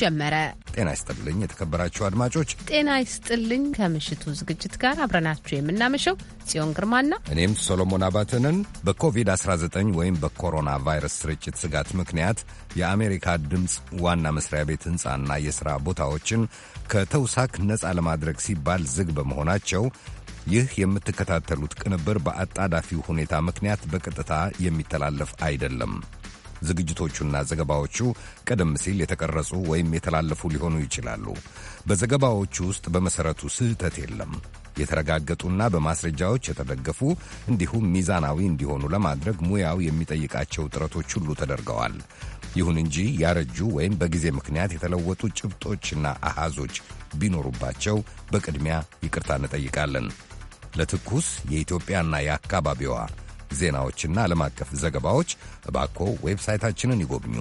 ጀመረ። ጤና ይስጥልኝ የተከበራችሁ አድማጮች፣ ጤና ይስጥልኝ። ከምሽቱ ዝግጅት ጋር አብረናችሁ የምናመሸው ጽዮን ግርማና እኔም ሶሎሞን አባትንን በኮቪድ በኮቪድ-19 ወይም በኮሮና ቫይረስ ስርጭት ስጋት ምክንያት የአሜሪካ ድምፅ ዋና መስሪያ ቤት ሕንፃና የሥራ ቦታዎችን ከተውሳክ ነፃ ለማድረግ ሲባል ዝግ በመሆናቸው ይህ የምትከታተሉት ቅንብር በአጣዳፊው ሁኔታ ምክንያት በቀጥታ የሚተላለፍ አይደለም። ዝግጅቶቹና ዘገባዎቹ ቀደም ሲል የተቀረጹ ወይም የተላለፉ ሊሆኑ ይችላሉ። በዘገባዎቹ ውስጥ በመሠረቱ ስህተት የለም። የተረጋገጡና በማስረጃዎች የተደገፉ እንዲሁም ሚዛናዊ እንዲሆኑ ለማድረግ ሙያው የሚጠይቃቸው ጥረቶች ሁሉ ተደርገዋል። ይሁን እንጂ ያረጁ ወይም በጊዜ ምክንያት የተለወጡ ጭብጦችና አሃዞች ቢኖሩባቸው በቅድሚያ ይቅርታ እንጠይቃለን። ለትኩስ የኢትዮጵያና የአካባቢዋ ዜናዎችና ዓለም አቀፍ ዘገባዎች እባኮ ዌብሳይታችንን ይጎብኙ።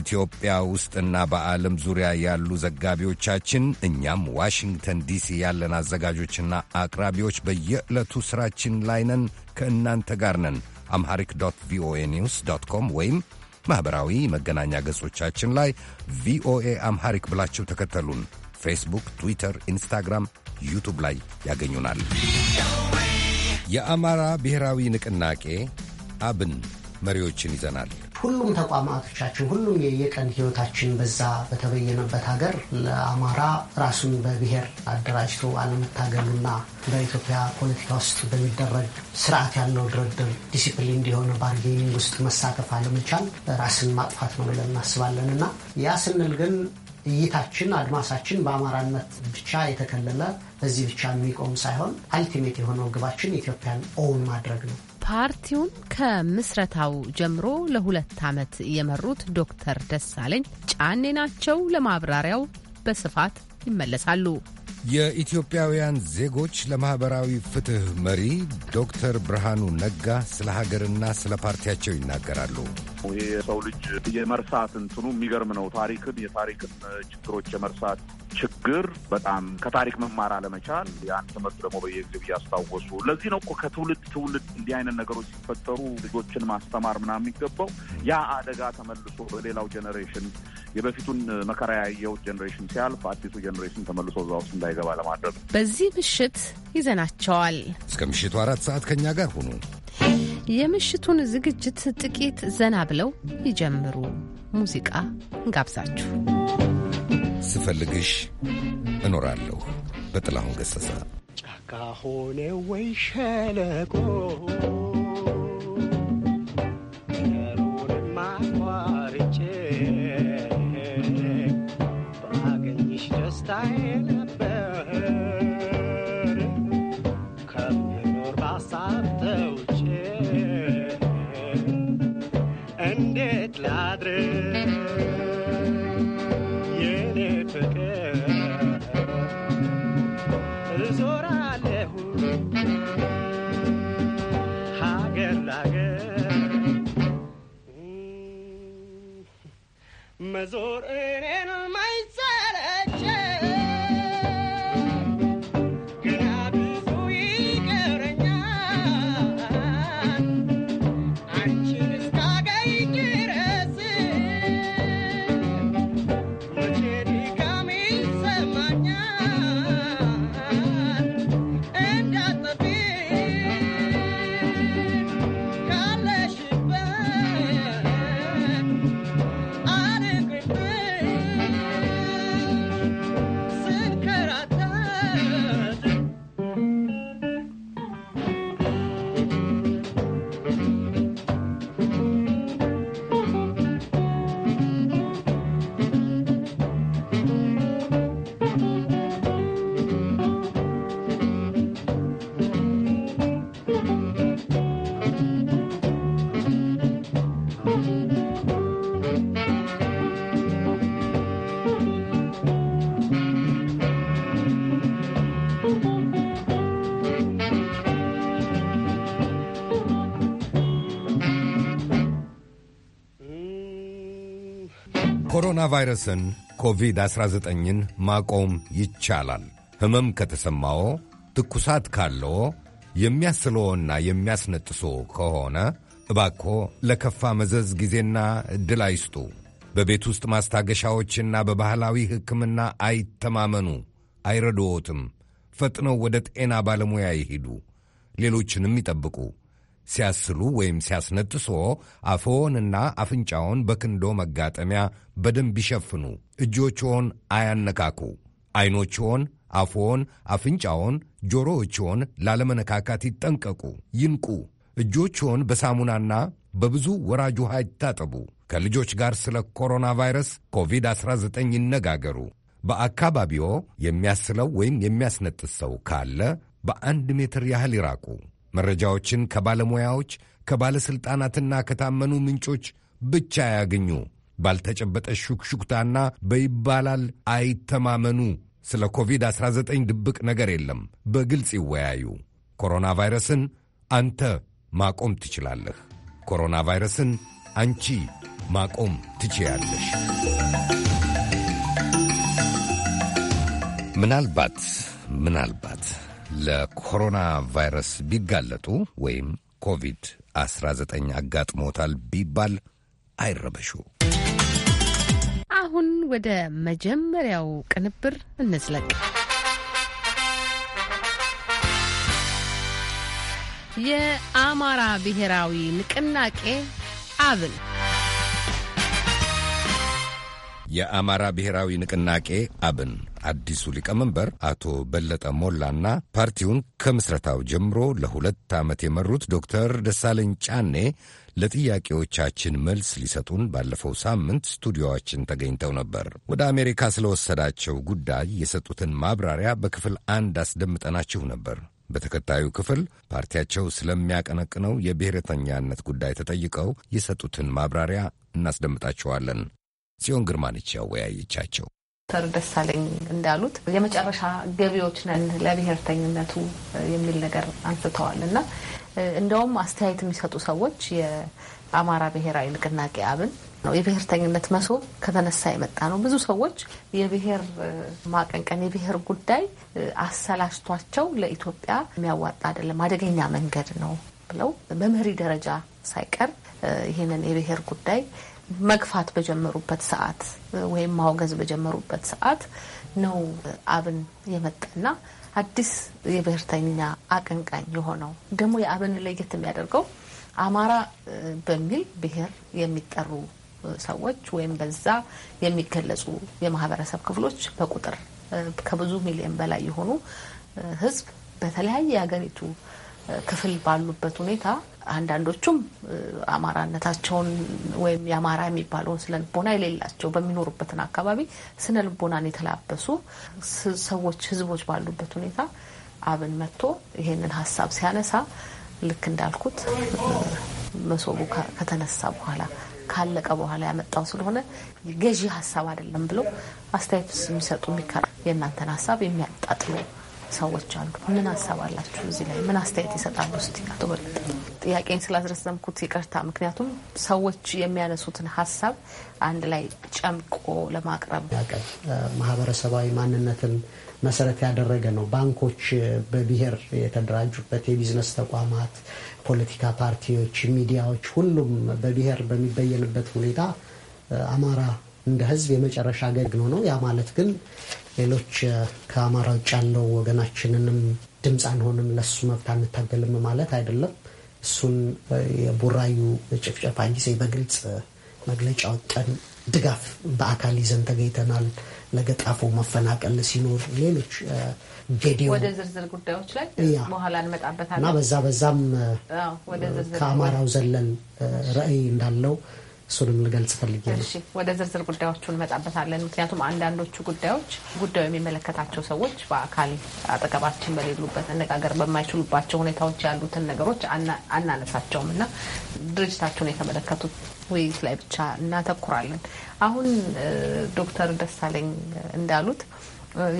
ኢትዮጵያ ውስጥና በዓለም ዙሪያ ያሉ ዘጋቢዎቻችን፣ እኛም ዋሽንግተን ዲሲ ያለን አዘጋጆችና አቅራቢዎች በየዕለቱ ሥራችን ላይ ነን። ከእናንተ ጋር ነን። አምሐሪክ ዶት ቪኦኤ ኒውስ ዶት ኮም ወይም ማኅበራዊ መገናኛ ገጾቻችን ላይ ቪኦኤ አምሐሪክ ብላችሁ ተከተሉን። ፌስቡክ፣ ትዊተር፣ ኢንስታግራም፣ ዩቱብ ላይ ያገኙናል። የአማራ ብሔራዊ ንቅናቄ አብን መሪዎችን ይዘናል። ሁሉም ተቋማቶቻችን ሁሉም የየቀን ህይወታችን በዛ በተበየነበት ሀገር ለአማራ ራሱን በብሔር አደራጅቶ አለመታገልና በኢትዮጵያ ፖለቲካ ውስጥ በሚደረግ ስርዓት ያለው ድርድር ዲሲፕሊን እንዲሆነ ባርጌኒንግ ውስጥ መሳተፍ አለመቻል ራስን ማጥፋት ነው ብለን እናስባለን እና ያ ስንል ግን እይታችን አድማሳችን በአማራነት ብቻ የተከለለ በዚህ ብቻ የሚቆም ሳይሆን አልቲሜት የሆነው ግባችን ኢትዮጵያን ኦውን ማድረግ ነው። ፓርቲውን ከምስረታው ጀምሮ ለሁለት ዓመት የመሩት ዶክተር ደሳለኝ ጫኔ ናቸው። ለማብራሪያው በስፋት ይመለሳሉ። የኢትዮጵያውያን ዜጎች ለማኅበራዊ ፍትሕ መሪ ዶክተር ብርሃኑ ነጋ ስለ ሀገርና ስለ ፓርቲያቸው ይናገራሉ። ይሄ የሰው ልጅ የመርሳት እንትኑ የሚገርም ነው። ታሪክን የታሪክን ችግሮች የመርሳት ችግር በጣም ከታሪክ መማር አለመቻል፣ ያን ትምህርት ደግሞ በየጊዜው እያስታወሱ ለዚህ ነው እኮ ከትውልድ ትውልድ እንዲህ አይነት ነገሮች ሲፈጠሩ ልጆችን ማስተማር ምናምን የሚገባው ያ አደጋ ተመልሶ በሌላው ጀኔሬሽን የበፊቱን መከራ ያየው ጀኔሬሽን ሲያልፍ አዲሱ ጀኔሬሽን ተመልሶ እዛ ውስጥ እንዳይገባ ለማድረግ በዚህ ምሽት ይዘናቸዋል። እስከ ምሽቱ አራት ሰዓት ከኛ ጋር ሁኑ። የምሽቱን ዝግጅት ጥቂት ዘና ብለው ይጀምሩ። ሙዚቃ እንጋብዛችሁ። ስፈልግሽ እኖራለሁ በጥላሁን ገሰሰ። ጫካ ሆነ ወይ ሸለቆ ማቋርጬ ባገኝሽ ደስታዬ ሀገር ላገር መዞር ቫይረስን ኮቪድ-19ን ማቆም ይቻላል። ህመም ከተሰማዎ፣ ትኩሳት ካለዎ፣ የሚያስለዎና የሚያስነጥሶ ከሆነ እባክዎ ለከፋ መዘዝ ጊዜና ዕድል አይስጡ። በቤት ውስጥ ማስታገሻዎችና በባህላዊ ሕክምና አይተማመኑ፣ አይረዶዎትም። ፈጥነው ወደ ጤና ባለሙያ ይሂዱ፣ ሌሎችንም ይጠብቁ። ሲያስሉ ወይም ሲያስነጥሶ አፎዎንና አፍንጫውን በክንዶ መጋጠሚያ በደንብ ይሸፍኑ። እጆችዎን አያነካኩ። ዐይኖችዎን፣ አፍዎን፣ አፍንጫዎን፣ ጆሮዎችዎን ላለመነካካት ይጠንቀቁ። ይንቁ። እጆችዎን በሳሙናና በብዙ ወራጅ ውሃ ይታጠቡ። ከልጆች ጋር ስለ ኮሮና ቫይረስ ኮቪድ-19 ይነጋገሩ። በአካባቢዎ የሚያስለው ወይም የሚያስነጥስ ሰው ካለ በአንድ ሜትር ያህል ይራቁ። መረጃዎችን ከባለሙያዎች ከባለሥልጣናትና ከታመኑ ምንጮች ብቻ ያገኙ። ባልተጨበጠ ሹክሹክታና በይባላል አይተማመኑ። ስለ ኮቪድ-19 ድብቅ ነገር የለም። በግልጽ ይወያዩ። ኮሮና ቫይረስን አንተ ማቆም ትችላለህ። ኮሮና ቫይረስን አንቺ ማቆም ትችያለሽ። ምናልባት ምናልባት ለኮሮና ቫይረስ ቢጋለጡ ወይም ኮቪድ-19 አጋጥሞታል ቢባል አይረበሹ። አሁን ወደ መጀመሪያው ቅንብር እንዝለቅ። የአማራ ብሔራዊ ንቅናቄ አብን የአማራ ብሔራዊ ንቅናቄ አብን አዲሱ ሊቀመንበር አቶ በለጠ ሞላና ፓርቲውን ከምስረታው ጀምሮ ለሁለት ዓመት የመሩት ዶክተር ደሳለኝ ጫኔ ለጥያቄዎቻችን መልስ ሊሰጡን ባለፈው ሳምንት ስቱዲዮዎችን ተገኝተው ነበር። ወደ አሜሪካ ስለወሰዳቸው ጉዳይ የሰጡትን ማብራሪያ በክፍል አንድ አስደምጠናችሁ ነበር። በተከታዩ ክፍል ፓርቲያቸው ስለሚያቀነቅነው የብሔረተኛነት ጉዳይ ተጠይቀው የሰጡትን ማብራሪያ እናስደምጣችኋለን። ጽዮን ግርማ ነች ያወያየቻቸው። ዶክተር ደሳለኝ እንዳሉት የመጨረሻ ገቢዎች ነን ለብሔርተኝነቱ የሚል ነገር አንስተዋል እና እንደውም አስተያየት የሚሰጡ ሰዎች የአማራ ብሔራዊ ንቅናቄ አብን ነው የብሔርተኝነት መሶብ ከተነሳ የመጣ ነው። ብዙ ሰዎች የብሔር ማቀንቀን የብሔር ጉዳይ አሰላሽቷቸው ለኢትዮጵያ የሚያዋጣ አይደለም፣ አደገኛ መንገድ ነው ብለው በመሪ ደረጃ ሳይቀር ይህንን የብሔር ጉዳይ መግፋት በጀመሩበት ሰዓት ወይም ማውገዝ በጀመሩበት ሰዓት ነው አብን የመጣና አዲስ የብሔርተኛ አቀንቃኝ የሆነው ደግሞ የአብን ለየት የሚያደርገው አማራ በሚል ብሔር የሚጠሩ ሰዎች ወይም በዛ የሚገለጹ የማህበረሰብ ክፍሎች በቁጥር ከብዙ ሚሊዮን በላይ የሆኑ ህዝብ በተለያየ የሀገሪቱ ክፍል ባሉበት ሁኔታ አንዳንዶቹም አማራነታቸውን ወይም የአማራ የሚባለውን ስነ ልቦና የሌላቸው በሚኖሩበትን አካባቢ ስነ ልቦናን የተላበሱ ሰዎች፣ ህዝቦች ባሉበት ሁኔታ አብን መጥቶ ይሄንን ሀሳብ ሲያነሳ ልክ እንዳልኩት መሶቡ ከተነሳ በኋላ ካለቀ በኋላ ያመጣው ስለሆነ ገዢ ሀሳብ አይደለም ብለው አስተያየት የሚሰጡ የእናንተን ሀሳብ የሚያጣጥሉ ሰዎች አሉ። ምን ሀሳብ አላችሁ? እዚህ ላይ ምን አስተያየት ይሰጣሉ? እስቲ አቶ በለጠ ጥያቄን ስላስረዘምኩት ይቅርታ። ምክንያቱም ሰዎች የሚያነሱትን ሀሳብ አንድ ላይ ጨምቆ ለማቅረብ ማህበረሰባዊ ማንነትን መሰረት ያደረገ ነው። ባንኮች በብሔር የተደራጁበት የቢዝነስ ተቋማት፣ ፖለቲካ ፓርቲዎች፣ ሚዲያዎች፣ ሁሉም በብሔር በሚበየንበት ሁኔታ አማራ እንደ ህዝብ የመጨረሻ ገግኖ ነው። ያ ማለት ግን ሌሎች ከአማራ ውጭ ያለው ወገናችንንም ድምፅ አንሆንም፣ ለሱ መብት አንታገልም ማለት አይደለም። እሱን የቡራዩ ጭፍጨፋ ጊዜ በግልጽ መግለጫ ወጠን ድጋፍ በአካል ይዘን ተገኝተናል። ለገጣፎ መፈናቀል ሲኖር ሌሎች ወደ ዝርዝር ጉዳዮች ላይ በኋላ እንመጣበታለን እና በዛ በዛም ከአማራው ዘለል ራዕይ እንዳለው እሱንም ልገልጽ ፈልጌ ነው። ወደ ዝርዝር ጉዳዮቹ እንመጣበታለን። ምክንያቱም አንዳንዶቹ ጉዳዮች ጉዳዩ የሚመለከታቸው ሰዎች በአካል አጠገባችን በሌሉበት ነጋገር በማይችሉባቸው ሁኔታዎች ያሉትን ነገሮች አናነሳቸውም እና ድርጅታቸውን የተመለከቱት ውይይት ላይ ብቻ እናተኩራለን። አሁን ዶክተር ደሳለኝ እንዳሉት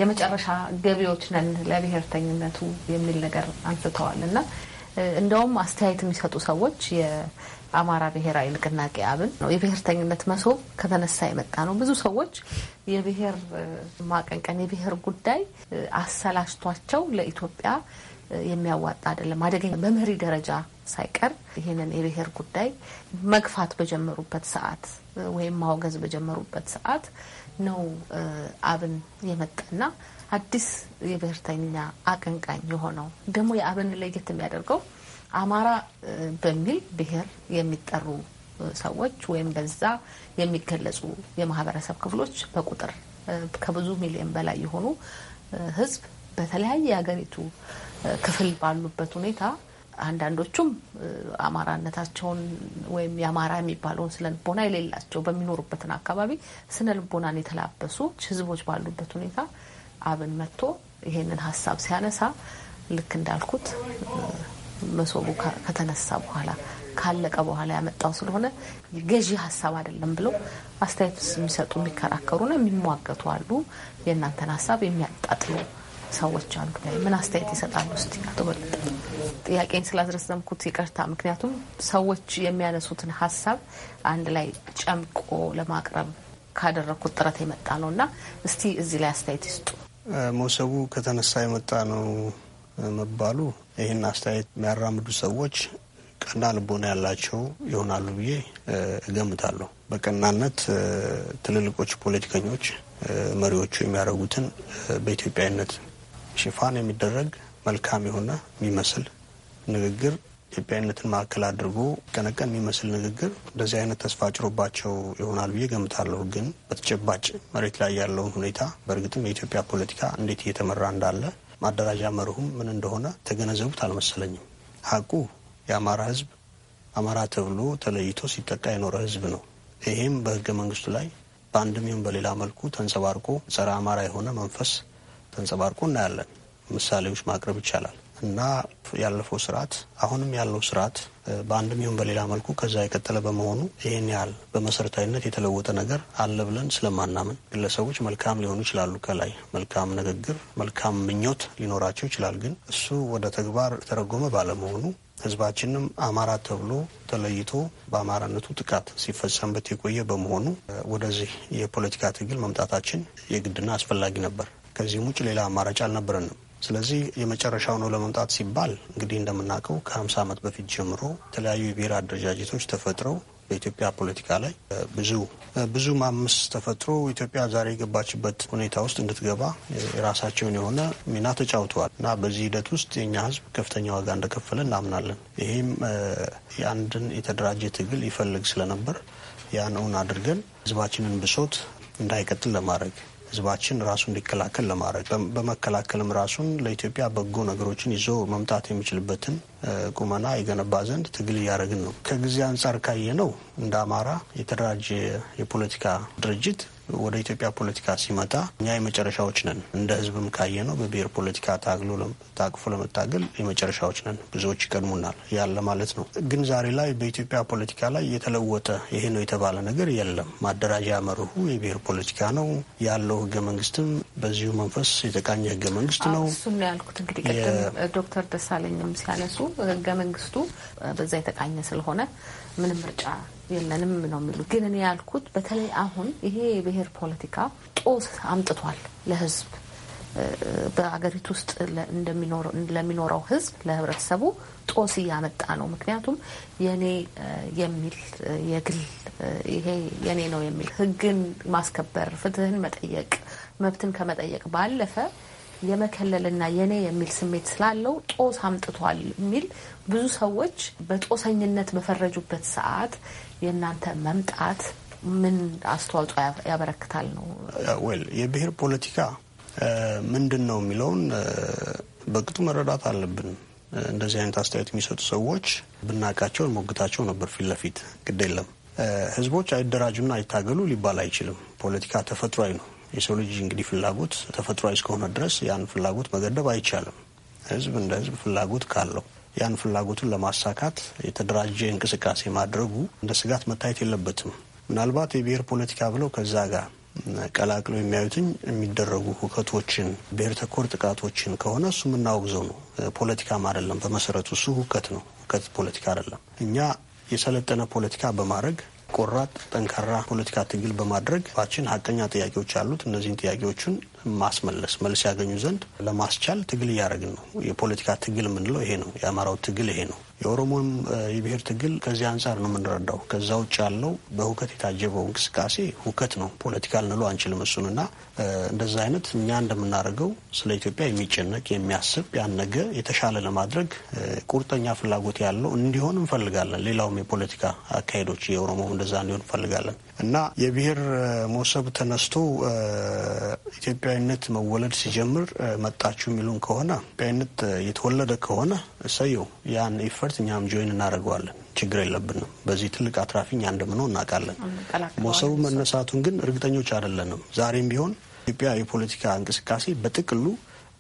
የመጨረሻ ገቢዎች ነን ለብሔርተኝነቱ የሚል ነገር አንስተዋል እና እንደውም አስተያየት የሚሰጡ ሰዎች አማራ ብሔራዊ ንቅናቄ አብን ነው። የብሔርተኝነት መሶብ ከተነሳ የመጣ ነው። ብዙ ሰዎች የብሔር ማቀንቀን የብሔር ጉዳይ አሰላሽቷቸው ለኢትዮጵያ የሚያዋጣ አይደለም። አደገኛ በመሪ ደረጃ ሳይቀር ይህንን የብሔር ጉዳይ መግፋት በጀመሩበት ሰዓት ወይም ማውገዝ በጀመሩበት ሰዓት ነው አብን የመጣና አዲስ የብሔርተኛ አቀንቃኝ የሆነው ደግሞ የአብን ለየት የሚያደርገው አማራ በሚል ብሔር የሚጠሩ ሰዎች ወይም በዛ የሚገለጹ የማህበረሰብ ክፍሎች በቁጥር ከብዙ ሚሊዮን በላይ የሆኑ ህዝብ በተለያየ የሀገሪቱ ክፍል ባሉበት ሁኔታ አንዳንዶቹም አማራነታቸውን ወይም የአማራ የሚባለውን ስነ ልቦና የሌላቸው በሚኖሩበትን አካባቢ ስነ ልቦናን የተላበሱ ህዝቦች ባሉበት ሁኔታ አብን መጥቶ ይሄንን ሀሳብ ሲያነሳ ልክ እንዳልኩት መሶቡ ከተነሳ በኋላ ካለቀ በኋላ ያመጣው ስለሆነ ገዢ ሀሳብ አይደለም ብለው አስተያየት የሚሰጡ የሚከራከሩና የሚሟገቱ አሉ። የእናንተን ሀሳብ የሚያጣጥሉ ሰዎች አሉ። ላይ ምን አስተያየት ይሰጣሉ? ስ ተወለጠ ጥያቄን ስላስረዘምኩት ይቅርታ። ምክንያቱም ሰዎች የሚያነሱትን ሀሳብ አንድ ላይ ጨምቆ ለማቅረብ ካደረግኩት ጥረት የመጣ ነው እና እስቲ እዚህ ላይ አስተያየት ይስጡ። መሶቡ ከተነሳ የመጣ ነው መባሉ ይህን አስተያየት የሚያራምዱ ሰዎች ቀና ልቦና ያላቸው ይሆናሉ ብዬ እገምታለሁ። በቀናነት ትልልቆች ፖለቲከኞች መሪዎቹ የሚያደርጉትን በኢትዮጵያዊነት ሽፋን የሚደረግ መልካም የሆነ የሚመስል ንግግር ኢትዮጵያዊነትን ማዕከል አድርጎ ቀነቀን የሚመስል ንግግር እንደዚህ አይነት ተስፋ ጭሮባቸው ይሆናል ብዬ ገምታለሁ። ግን በተጨባጭ መሬት ላይ ያለውን ሁኔታ በእርግጥም የኢትዮጵያ ፖለቲካ እንዴት እየተመራ እንዳለ ማደራጃ መርሁም ምን እንደሆነ ተገነዘቡት አልመሰለኝም። ሀቁ የአማራ ህዝብ አማራ ተብሎ ተለይቶ ሲጠቃ የኖረ ህዝብ ነው። ይሄም በህገ መንግስቱ ላይ በአንድም ይሁን በሌላ መልኩ ተንጸባርቆ ጸረ አማራ የሆነ መንፈስ ተንጸባርቆ እናያለን። ምሳሌዎች ማቅረብ ይቻላል። እና ያለፈው ስርዓት አሁንም ያለው ስርዓት በአንድም ይሁን በሌላ መልኩ ከዛ የቀጠለ በመሆኑ ይህን ያህል በመሰረታዊነት የተለወጠ ነገር አለ ብለን ስለማናምን ግለሰቦች መልካም ሊሆኑ ይችላሉ። ከላይ መልካም ንግግር፣ መልካም ምኞት ሊኖራቸው ይችላል። ግን እሱ ወደ ተግባር የተረጎመ ባለመሆኑ ህዝባችንም አማራ ተብሎ ተለይቶ በአማራነቱ ጥቃት ሲፈጸምበት የቆየ በመሆኑ ወደዚህ የፖለቲካ ትግል መምጣታችን የግድና አስፈላጊ ነበር። ከዚህም ውጭ ሌላ አማራጭ አልነበረንም። ስለዚህ የመጨረሻው ነው ለመምጣት ሲባል እንግዲህ እንደምናውቀው ከ50 ዓመት በፊት ጀምሮ የተለያዩ የብሔር አደረጃጀቶች ተፈጥረው በኢትዮጵያ ፖለቲካ ላይ ብዙ ብዙ ማምስ ተፈጥሮ ኢትዮጵያ ዛሬ የገባችበት ሁኔታ ውስጥ እንድትገባ የራሳቸውን የሆነ ሚና ተጫውተዋል እና በዚህ ሂደት ውስጥ የእኛ ሕዝብ ከፍተኛ ዋጋ እንደከፈለ እናምናለን። ይህም የአንድን የተደራጀ ትግል ይፈልግ ስለነበር ያን እውን አድርገን ሕዝባችንን ብሶት እንዳይቀጥል ለማድረግ ህዝባችን ራሱ እንዲከላከል ለማድረግ በመከላከልም ራሱን ለኢትዮጵያ በጎ ነገሮችን ይዞ መምጣት የሚችልበትን ቁመና የገነባ ዘንድ ትግል እያደረግን ነው። ከጊዜ አንጻር ካየ ነው እንደ አማራ የተደራጀ የፖለቲካ ድርጅት ወደ ኢትዮጵያ ፖለቲካ ሲመጣ እኛ የመጨረሻዎች ነን። እንደ ህዝብም ካየ ነው በብሔር ፖለቲካ ታግሎ ታቅፎ ለመታገል የመጨረሻዎች ነን። ብዙዎች ይቀድሙናል ያለ ማለት ነው። ግን ዛሬ ላይ በኢትዮጵያ ፖለቲካ ላይ የተለወጠ ይሄ ነው የተባለ ነገር የለም። ማደራጃ መርሁ የብሔር ፖለቲካ ነው ያለው። ህገ መንግስትም በዚሁ መንፈስ የተቃኘ ህገ መንግስት ነው። እሱም ነው ያልኩት። እንግዲህ ቅድም ዶክተር ደሳለኝም ሲያነሱ ህገ መንግስቱ በዛ የተቃኘ ስለሆነ ምንም ምርጫ የለንም ነው የሚሉ ግን እኔ ያልኩት በተለይ አሁን ይሄ የብሔር ፖለቲካ ጦስ አምጥቷል ለህዝብ በሀገሪቱ ውስጥ ለሚኖረው ህዝብ ለህብረተሰቡ ጦስ እያመጣ ነው። ምክንያቱም የኔ የሚል የግል ይሄ የኔ ነው የሚል ህግን ማስከበር፣ ፍትህን መጠየቅ፣ መብትን ከመጠየቅ ባለፈ የመከለልና የኔ የሚል ስሜት ስላለው ጦስ አምጥቷል የሚል ብዙ ሰዎች በጦሰኝነት በፈረጁበት ሰዓት የእናንተ መምጣት ምን አስተዋጽኦ ያበረክታል ነው? ዌል የብሄር ፖለቲካ ምንድን ነው የሚለውን በቅጡ መረዳት አለብን። እንደዚህ አይነት አስተያየት የሚሰጡ ሰዎች ብናቃቸው ሞግታቸው ነበር ፊት ለፊት ግድ የለም ህዝቦች አይደራጁና አይታገሉ ሊባል አይችልም። ፖለቲካ ተፈጥሯዊ ነው። የሰው ልጅ እንግዲህ ፍላጎት ተፈጥሯዊ እስከሆነ ድረስ ያን ፍላጎት መገደብ አይቻልም። ህዝብ እንደ ህዝብ ፍላጎት ካለው ያን ፍላጎቱን ለማሳካት የተደራጀ እንቅስቃሴ ማድረጉ እንደ ስጋት መታየት የለበትም። ምናልባት የብሔር ፖለቲካ ብለው ከዛ ጋር ቀላቅለው የሚያዩትኝ የሚደረጉ ሁከቶችን፣ ብሔር ተኮር ጥቃቶችን ከሆነ እሱ የምናወግዘው ነው። ፖለቲካም አይደለም በመሰረቱ እሱ ሁከት ነው። ሁከት ፖለቲካ አይደለም። እኛ የሰለጠነ ፖለቲካ በማድረግ ቆራጥ ጠንካራ ፖለቲካ ትግል በማድረግ ባችን ሀቀኛ ጥያቄዎች አሉት። እነዚህን ጥያቄዎችን ማስመለስ መልስ ያገኙ ዘንድ ለማስቻል ትግል እያደረግን ነው። የፖለቲካ ትግል የምንለው ይሄ ነው። የአማራው ትግል ይሄ ነው። የኦሮሞን የብሔር ትግል ከዚህ አንጻር ነው የምንረዳው። ከዛ ውጭ ያለው በሁከት የታጀበው እንቅስቃሴ ሁከት ነው። ፖለቲካ ልንለው አንችልም እሱን እና እንደዛ አይነት እኛ እንደምናደርገው ስለ ኢትዮጵያ የሚጨነቅ የሚያስብ ያን ነገ የተሻለ ለማድረግ ቁርጠኛ ፍላጎት ያለው እንዲሆን እንፈልጋለን። ሌላውም የፖለቲካ አካሄዶች የኦሮሞ እንደዛ እንዲሆን እንፈልጋለን። እና የብሔር መሰብ ተነስቶ ኢትዮጵያዊነት መወለድ ሲጀምር መጣችሁ የሚሉን ከሆነ ኢትዮጵያዊነት የተወለደ ከሆነ እሰየው፣ ያን ኢፈርት እኛም ጆይን እናደርገዋለን። ችግር የለብንም። በዚህ ትልቅ አትራፊ እኛ እንደምንሆን እናውቃለን። መሰቡ መነሳቱን ግን እርግጠኞች አይደለንም። ዛሬም ቢሆን ኢትዮጵያ የፖለቲካ እንቅስቃሴ በጥቅሉ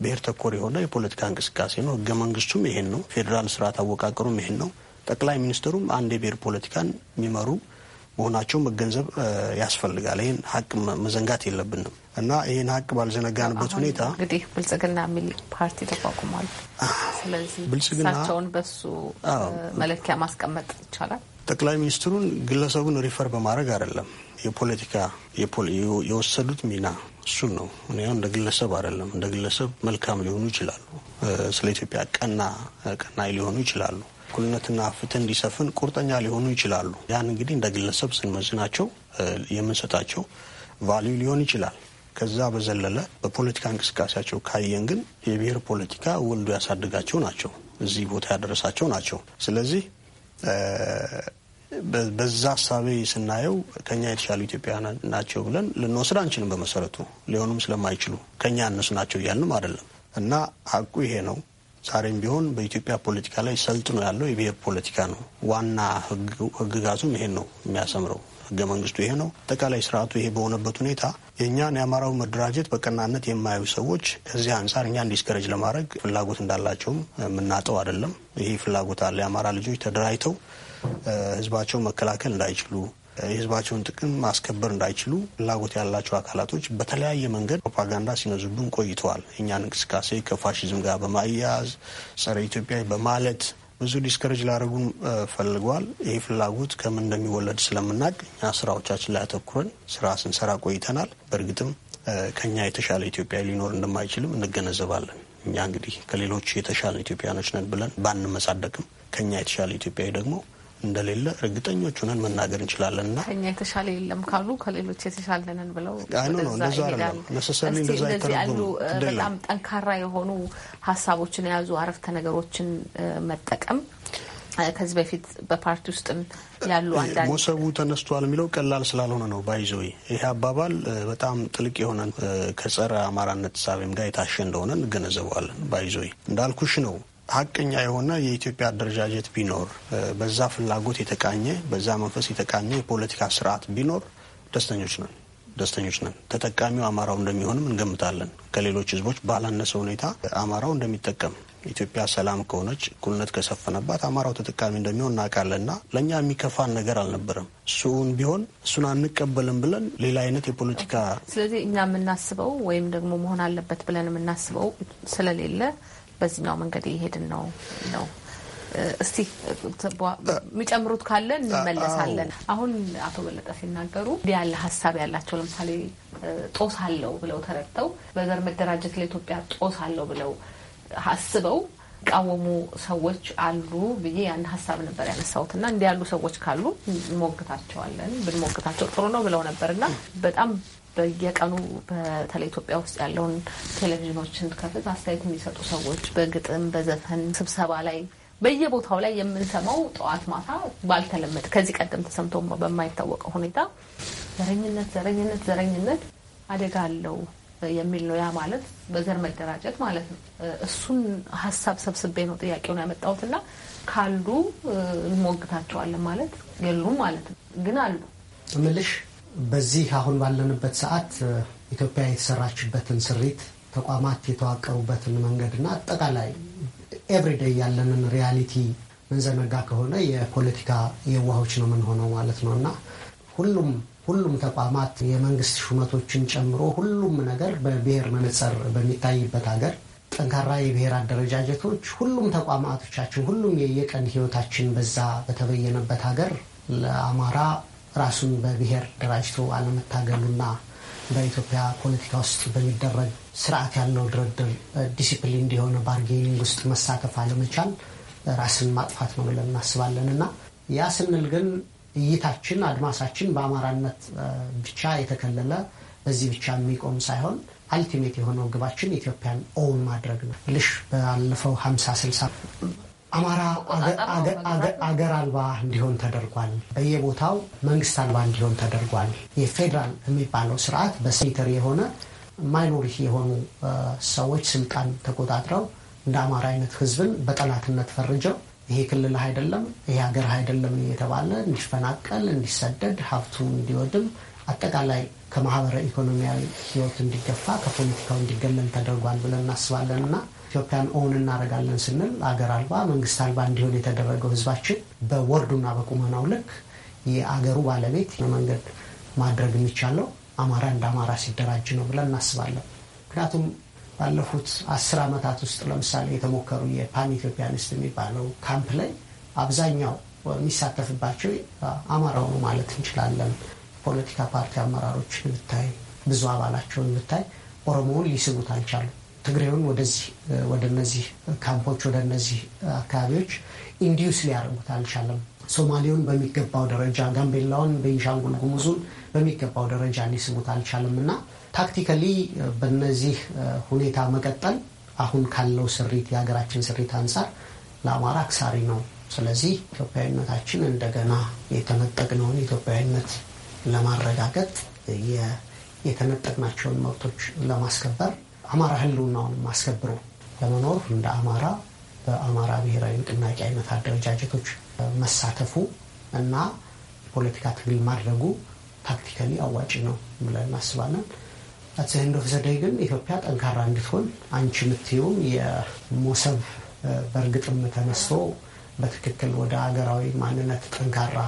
ብሔር ተኮር የሆነ የፖለቲካ እንቅስቃሴ ነው። ህገ መንግስቱም ይሄን ነው። ፌዴራል ስርዓት አወቃቀሩም ይሄን ነው። ጠቅላይ ሚኒስትሩም አንድ የብሔር ፖለቲካን የሚመሩ መሆናቸው መገንዘብ ያስፈልጋል። ይህን ሀቅ መዘንጋት የለብንም እና ይህን ሀቅ ባልዘነጋንበት ሁኔታ እንግዲህ ብልጽግና የሚል ፓርቲ ተቋቁሟል። ስለዚህ ብልጽግናቸውን በሱ መለኪያ ማስቀመጥ ይቻላል። ጠቅላይ ሚኒስትሩን ግለሰቡን ሪፈር በማድረግ አይደለም የፖለቲካ የወሰዱት ሚና እሱን ነው። እኔ እንደ ግለሰብ አይደለም። እንደ ግለሰብ መልካም ሊሆኑ ይችላሉ። ስለ ኢትዮጵያ ቀና ቀናይ ሊሆኑ ይችላሉ። እኩልነትና ፍትህ እንዲሰፍን ቁርጠኛ ሊሆኑ ይችላሉ። ያን እንግዲህ እንደ ግለሰብ ስንመዝናቸው የምንሰጣቸው ቫሊዩ ሊሆን ይችላል። ከዛ በዘለለ በፖለቲካ እንቅስቃሴያቸው ካየን ግን የብሔር ፖለቲካ ወልዶ ያሳድጋቸው ናቸው፣ እዚህ ቦታ ያደረሳቸው ናቸው። ስለዚህ በዛ ሀሳቤ ስናየው ከኛ የተሻሉ ኢትዮጵያውያን ናቸው ብለን ልንወስድ አንችልም። በመሰረቱ ሊሆኑም ስለማይችሉ ከኛ እነሱ ናቸው እያልንም አይደለም እና ሀቁ ይሄ ነው። ዛሬም ቢሆን በኢትዮጵያ ፖለቲካ ላይ ሰልጥኖ ያለው የብሔር ፖለቲካ ነው። ዋና ህግጋቱም ይሄን ነው የሚያሰምረው። ህገ መንግስቱ ይሄ ነው። አጠቃላይ ስርዓቱ ይሄ በሆነበት ሁኔታ የእኛን የአማራው መደራጀት በቀናነት የማያዩ ሰዎች ከዚህ አንጻር እኛ እንዲስከረጅ ለማድረግ ፍላጎት እንዳላቸውም የምናጠው አይደለም። ይሄ ፍላጎት አለ። የአማራ ልጆች ተደራጅተው ህዝባቸው መከላከል እንዳይችሉ የህዝባቸውን ጥቅም ማስከበር እንዳይችሉ ፍላጎት ያላቸው አካላቶች በተለያየ መንገድ ፕሮፓጋንዳ ሲነዙብን ቆይተዋል። እኛን እንቅስቃሴ ከፋሽዝም ጋር በማያያዝ ጸረ ኢትዮጵያ በማለት ብዙ ዲስከረጅ ላደረጉን ፈልገዋል። ይህ ፍላጎት ከምን እንደሚወለድ ስለምናቅ እኛ ስራዎቻችን ላይ አተኩረን ስራ ስንሰራ ቆይተናል። በእርግጥም ከኛ የተሻለ ኢትዮጵያ ሊኖር እንደማይችልም እንገነዘባለን። እኛ እንግዲህ ከሌሎች የተሻለ ኢትዮጵያኖች ነን ብለን ባንመጻደቅም ከኛ የተሻለ ኢትዮጵያዊ ደግሞ እንደሌለ እርግጠኞች ሆነን መናገር እንችላለን። ና ከኛ የተሻለ የለም ካሉ ከሌሎች የተሻለንን ብለው እንደዚህ ያሉ በጣም ጠንካራ የሆኑ ሀሳቦችን የያዙ አረፍተ ነገሮችን መጠቀም ከዚህ በፊት በፓርቲ ውስጥም ያሉ አንዳንድ ሞሰቡ ተነስቷል የሚለው ቀላል ስላልሆነ ነው ባይዞ ይሄ አባባል በጣም ጥልቅ የሆነ ከጸረ አማራነት ሳቤም ጋር የታሸ እንደሆነ እንገነዘበዋለን። ባይዞ እንዳልኩሽ ነው ሀቀኛ የሆነ የኢትዮጵያ አደረጃጀት ቢኖር በዛ ፍላጎት የተቃኘ በዛ መንፈስ የተቃኘ የፖለቲካ ስርዓት ቢኖር ደስተኞች ነን ደስተኞች ነን። ተጠቃሚው አማራው እንደሚሆንም እንገምታለን። ከሌሎች ህዝቦች ባላነሰ ሁኔታ አማራው እንደሚጠቀም ኢትዮጵያ ሰላም ከሆነች እኩልነት ከሰፈነባት አማራው ተጠቃሚ እንደሚሆን እናውቃለንና ለእኛ የሚከፋን ነገር አልነበረም። እሱን ቢሆን እሱን አንቀበልም ብለን ሌላ አይነት የፖለቲካ ስለዚህ እኛ የምናስበው ወይም ደግሞ መሆን አለበት ብለን የምናስበው ስለሌለ በዚህኛው መንገድ እየሄድን ነው ነው። እስቲ የሚጨምሩት ካለ እንመለሳለን። አሁን አቶ በለጠ ሲናገሩ ያለ ሀሳብ ያላቸው ለምሳሌ ጦስ አለው ብለው ተረድተው በዘር መደራጀት ለኢትዮጵያ ጦስ አለው ብለው አስበው ቃወሙ ሰዎች አሉ ብዬ ያን ሀሳብ ነበር ያነሳሁት እና እንዲህ ያሉ ሰዎች ካሉ እንሞግታቸዋለን ብንሞግታቸው ጥሩ ነው ብለው ነበር እና በጣም በየቀኑ በተለይ ኢትዮጵያ ውስጥ ያለውን ቴሌቪዥኖችን ከፍት አስተያየት የሚሰጡ ሰዎች በግጥም በዘፈን ስብሰባ ላይ በየቦታው ላይ የምንሰማው ጠዋት ማታ ባልተለመደ ከዚህ ቀደም ተሰምቶ በማይታወቀው ሁኔታ ዘረኝነት ዘረኝነት ዘረኝነት አደጋ አለው የሚል ነው። ያ ማለት በዘር መደራጀት ማለት ነው። እሱን ሀሳብ ሰብስቤ ነው ጥያቄውን ና ካሉ እንሞግታቸዋለን ማለት የሉም ማለት ነው፣ ግን አሉ ምልሽ በዚህ አሁን ባለንበት ሰዓት ኢትዮጵያ የተሰራችበትን ስሪት ተቋማት የተዋቀሩበትን መንገድና አጠቃላይ ኤቭሪዴይ ያለንን ሪያሊቲ ምንዘነጋ ከሆነ የፖለቲካ የዋሆች ነው የምንሆነው ማለት ነው እና ሁሉም ሁሉም ተቋማት የመንግስት ሹመቶችን ጨምሮ ሁሉም ነገር በብሔር መነጽር በሚታይበት ሀገር ጠንካራ የብሔር አደረጃጀቶች ሁሉም ተቋማቶቻችን ሁሉም የየቀን ህይወታችን በዛ በተበየነበት ሀገር ለአማራ ራሱን በብሔር ደራጅቶ አለመታገሉና በኢትዮጵያ ፖለቲካ ውስጥ በሚደረግ ስርዓት ያለው ድርድር ዲሲፕሊን እንዲሆነ ባርጌኒንግ ውስጥ መሳተፍ አለመቻል ራስን ማጥፋት ነው ብለን እናስባለን እና ያ ስንል ግን እይታችን አድማሳችን በአማራነት ብቻ የተከለለ በዚህ ብቻ የሚቆም ሳይሆን አልቲሜት የሆነው ግባችን ኢትዮጵያን ኦውን ማድረግ ነው ልሽ ባለፈው 50 60 አማራ አገር አልባ እንዲሆን ተደርጓል። በየቦታው መንግስት አልባ እንዲሆን ተደርጓል። የፌዴራል የሚባለው ስርዓት በሴንተር የሆነ ማይኖሪቲ የሆኑ ሰዎች ስልጣን ተቆጣጥረው እንደ አማራ አይነት ህዝብን በጠላትነት ፈርጀው ይሄ ክልልህ አይደለም ይሄ ሀገርህ አይደለም እየተባለ እንዲፈናቀል፣ እንዲሰደድ፣ ሀብቱ እንዲወድም፣ አጠቃላይ ከማህበረ ኢኮኖሚያዊ ህይወት እንዲገፋ፣ ከፖለቲካው እንዲገለል ተደርጓል ብለን እናስባለን እና ኢትዮጵያን ኦን እናደርጋለን ስንል አገር አልባ መንግስት አልባ እንዲሆን የተደረገው ህዝባችን በወርዱና በቁመናው ልክ የአገሩ ባለቤት መንገድ ማድረግ የሚቻለው አማራ እንደ አማራ ሲደራጅ ነው ብለን እናስባለን። ምክንያቱም ባለፉት አስር ዓመታት ውስጥ ለምሳሌ የተሞከሩ የፓን ኢትዮጵያኒስት የሚባለው ካምፕ ላይ አብዛኛው የሚሳተፍባቸው አማራው ነው ማለት እንችላለን። ፖለቲካ ፓርቲ አመራሮችን ብታይ፣ ብዙ አባላቸውን ብታይ ኦሮሞውን ሊስቡት አልቻሉ። ትግሬውን ወደዚህ ወደ እነዚህ ካምፖች ወደ እነዚህ አካባቢዎች ኢንዲዩስ ሊያደርጉት አልቻለም። ሶማሌውን በሚገባው ደረጃ፣ ጋምቤላውን፣ ቤንሻንጉል ጉሙዙን በሚገባው ደረጃ ሊስቡት አልቻለም እና ታክቲካሊ በነዚህ ሁኔታ መቀጠል አሁን ካለው ስሪት የሀገራችን ስሪት አንጻር ለአማራ አክሳሪ ነው። ስለዚህ ኢትዮጵያዊነታችን እንደገና የተነጠቅነውን ኢትዮጵያዊነት ለማረጋገጥ የተነጠቅናቸውን መብቶች ለማስከበር አማራ ህልውናውን ማስከብረው ለመኖር እንደ አማራ በአማራ ብሔራዊ ንቅናቄ አይነት አደረጃጀቶች መሳተፉ እና የፖለቲካ ትግል ማድረጉ ታክቲካሊ አዋጭ ነው ብለን እናስባለን። አጽህንዶ ግን ኢትዮጵያ ጠንካራ እንድትሆን አንቺ የምትይውም የሞሰብ በእርግጥም ተነስቶ በትክክል ወደ አገራዊ ማንነት ጠንካራ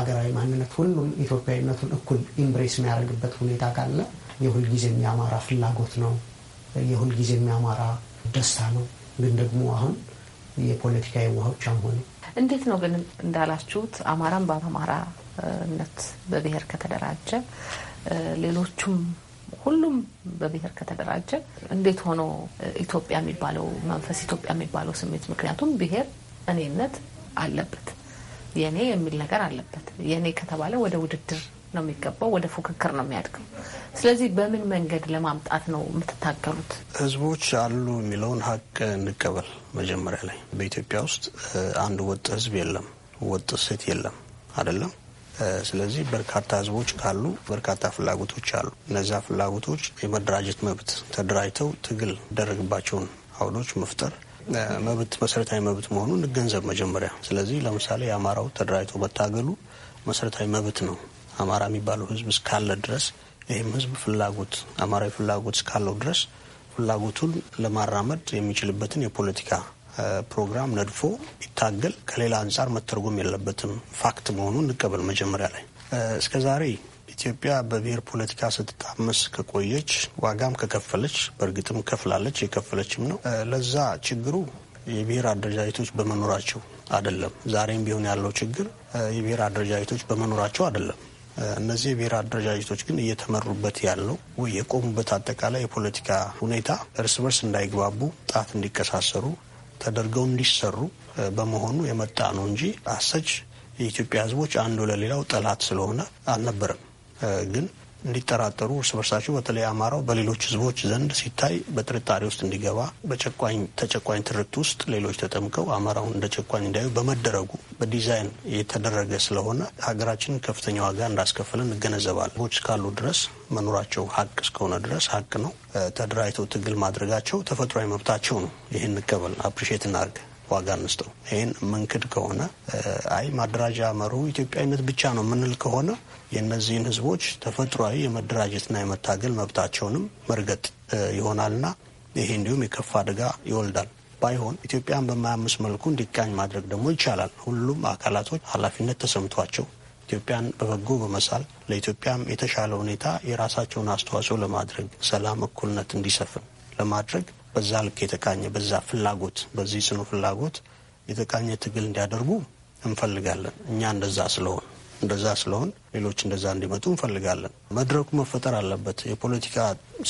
አገራዊ ማንነት ሁሉም ኢትዮጵያዊነቱን እኩል ኢምብሬስ የሚያደርግበት ሁኔታ ካለ የሁልጊዜም የአማራ ፍላጎት ነው የሁልጊዜ የሚያማራ ደስታ ነው። ግን ደግሞ አሁን የፖለቲካ የዋሆች አሁን እንዴት ነው ግን እንዳላችሁት አማራም በአማራነት በብሔር ከተደራጀ ሌሎቹም ሁሉም በብሔር ከተደራጀ እንዴት ሆኖ ኢትዮጵያ የሚባለው መንፈስ ኢትዮጵያ የሚባለው ስሜት ምክንያቱም ብሔር እኔነት አለበት የኔ የሚል ነገር አለበት። የኔ ከተባለ ወደ ውድድር ነው የሚገባው፣ ወደ ፉክክር ነው የሚያድገው። ስለዚህ በምን መንገድ ለማምጣት ነው የምትታገሉት? ህዝቦች አሉ የሚለውን ሀቅ እንቀበል። መጀመሪያ ላይ በኢትዮጵያ ውስጥ አንድ ወጥ ህዝብ የለም፣ ወጥ ሴት የለም አይደለም። ስለዚህ በርካታ ህዝቦች ካሉ በርካታ ፍላጎቶች አሉ። እነዚያ ፍላጎቶች የመደራጀት መብት ተደራጅተው ትግል ደረግባቸውን አውዶች መፍጠር መብት መሰረታዊ መብት መሆኑን እንገንዘብ መጀመሪያ። ስለዚህ ለምሳሌ የአማራው ተደራጅቶ መታገሉ መሰረታዊ መብት ነው። አማራ የሚባለው ህዝብ እስካለ ድረስ ይህም ህዝብ ፍላጎት አማራዊ ፍላጎት እስካለው ድረስ ፍላጎቱን ለማራመድ የሚችልበትን የፖለቲካ ፕሮግራም ነድፎ ይታገል። ከሌላ አንጻር መተርጎም የለበትም። ፋክት መሆኑን እንቀበል። መጀመሪያ ላይ እስከ ዛሬ ኢትዮጵያ በብሔር ፖለቲካ ስትጣመስ ከቆየች ዋጋም ከከፈለች፣ በእርግጥም ከፍላለች፣ የከፈለችም ነው። ለዛ ችግሩ የብሔር አደረጃጀቶች በመኖራቸው አይደለም። ዛሬም ቢሆን ያለው ችግር የብሔር አደረጃጀቶች በመኖራቸው አይደለም። እነዚህ የብሔር አደረጃጀቶች ግን እየተመሩበት ያለው ወይ የቆሙበት አጠቃላይ የፖለቲካ ሁኔታ እርስ በርስ እንዳይግባቡ፣ ጣት እንዲቀሳሰሩ ተደርገው እንዲሰሩ በመሆኑ የመጣ ነው እንጂ አሰች የኢትዮጵያ ሕዝቦች አንዱ ለሌላው ጠላት ስለሆነ አልነበረም ግን እንዲጠራጠሩ እርስ በርሳቸው በተለይ አማራው በሌሎች ህዝቦች ዘንድ ሲታይ በጥርጣሬ ውስጥ እንዲገባ በጨቋኝ ተጨቋኝ ትርክት ውስጥ ሌሎች ተጠምቀው አማራውን እንደ ጨቋኝ እንዲያዩ በመደረጉ በዲዛይን የተደረገ ስለሆነ ሀገራችንን ከፍተኛ ዋጋ እንዳስከፍለን እንገነዘባለን። ህዝቦች እስካሉ ድረስ መኖራቸው ሀቅ እስከሆነ ድረስ ሀቅ ነው። ተደራጅተው ትግል ማድረጋቸው ተፈጥሯዊ መብታቸው ነው። ይህን እንቀበል፣ አፕሪሼት እናርገ። ዋጋ እንስጠው። ይህን የምንክድ ከሆነ አይ ማደራጃ መሩ ኢትዮጵያዊነት ብቻ ነው የምንል ከሆነ የእነዚህን ህዝቦች ተፈጥሯዊ የመደራጀትና የመታገል መብታቸውንም መርገጥ ይሆናልና ይሄ እንዲሁም የከፋ አደጋ ይወልዳል። ባይሆን ኢትዮጵያን በማያምስ መልኩ እንዲቃኝ ማድረግ ደግሞ ይቻላል። ሁሉም አካላቶች ኃላፊነት ተሰምቷቸው ኢትዮጵያን በበጎ በመሳል ለኢትዮጵያም የተሻለ ሁኔታ የራሳቸውን አስተዋጽኦ ለማድረግ ሰላም፣ እኩልነት እንዲሰፍን ለማድረግ በዛ ልክ የተቃኘ በዛ ፍላጎት በዚህ ጽኑ ፍላጎት የተቃኘ ትግል እንዲያደርጉ እንፈልጋለን። እኛ እንደዛ ስለሆን እንደዛ ስለሆን ሌሎች እንደዛ እንዲመጡ እንፈልጋለን። መድረኩ መፈጠር አለበት። የፖለቲካ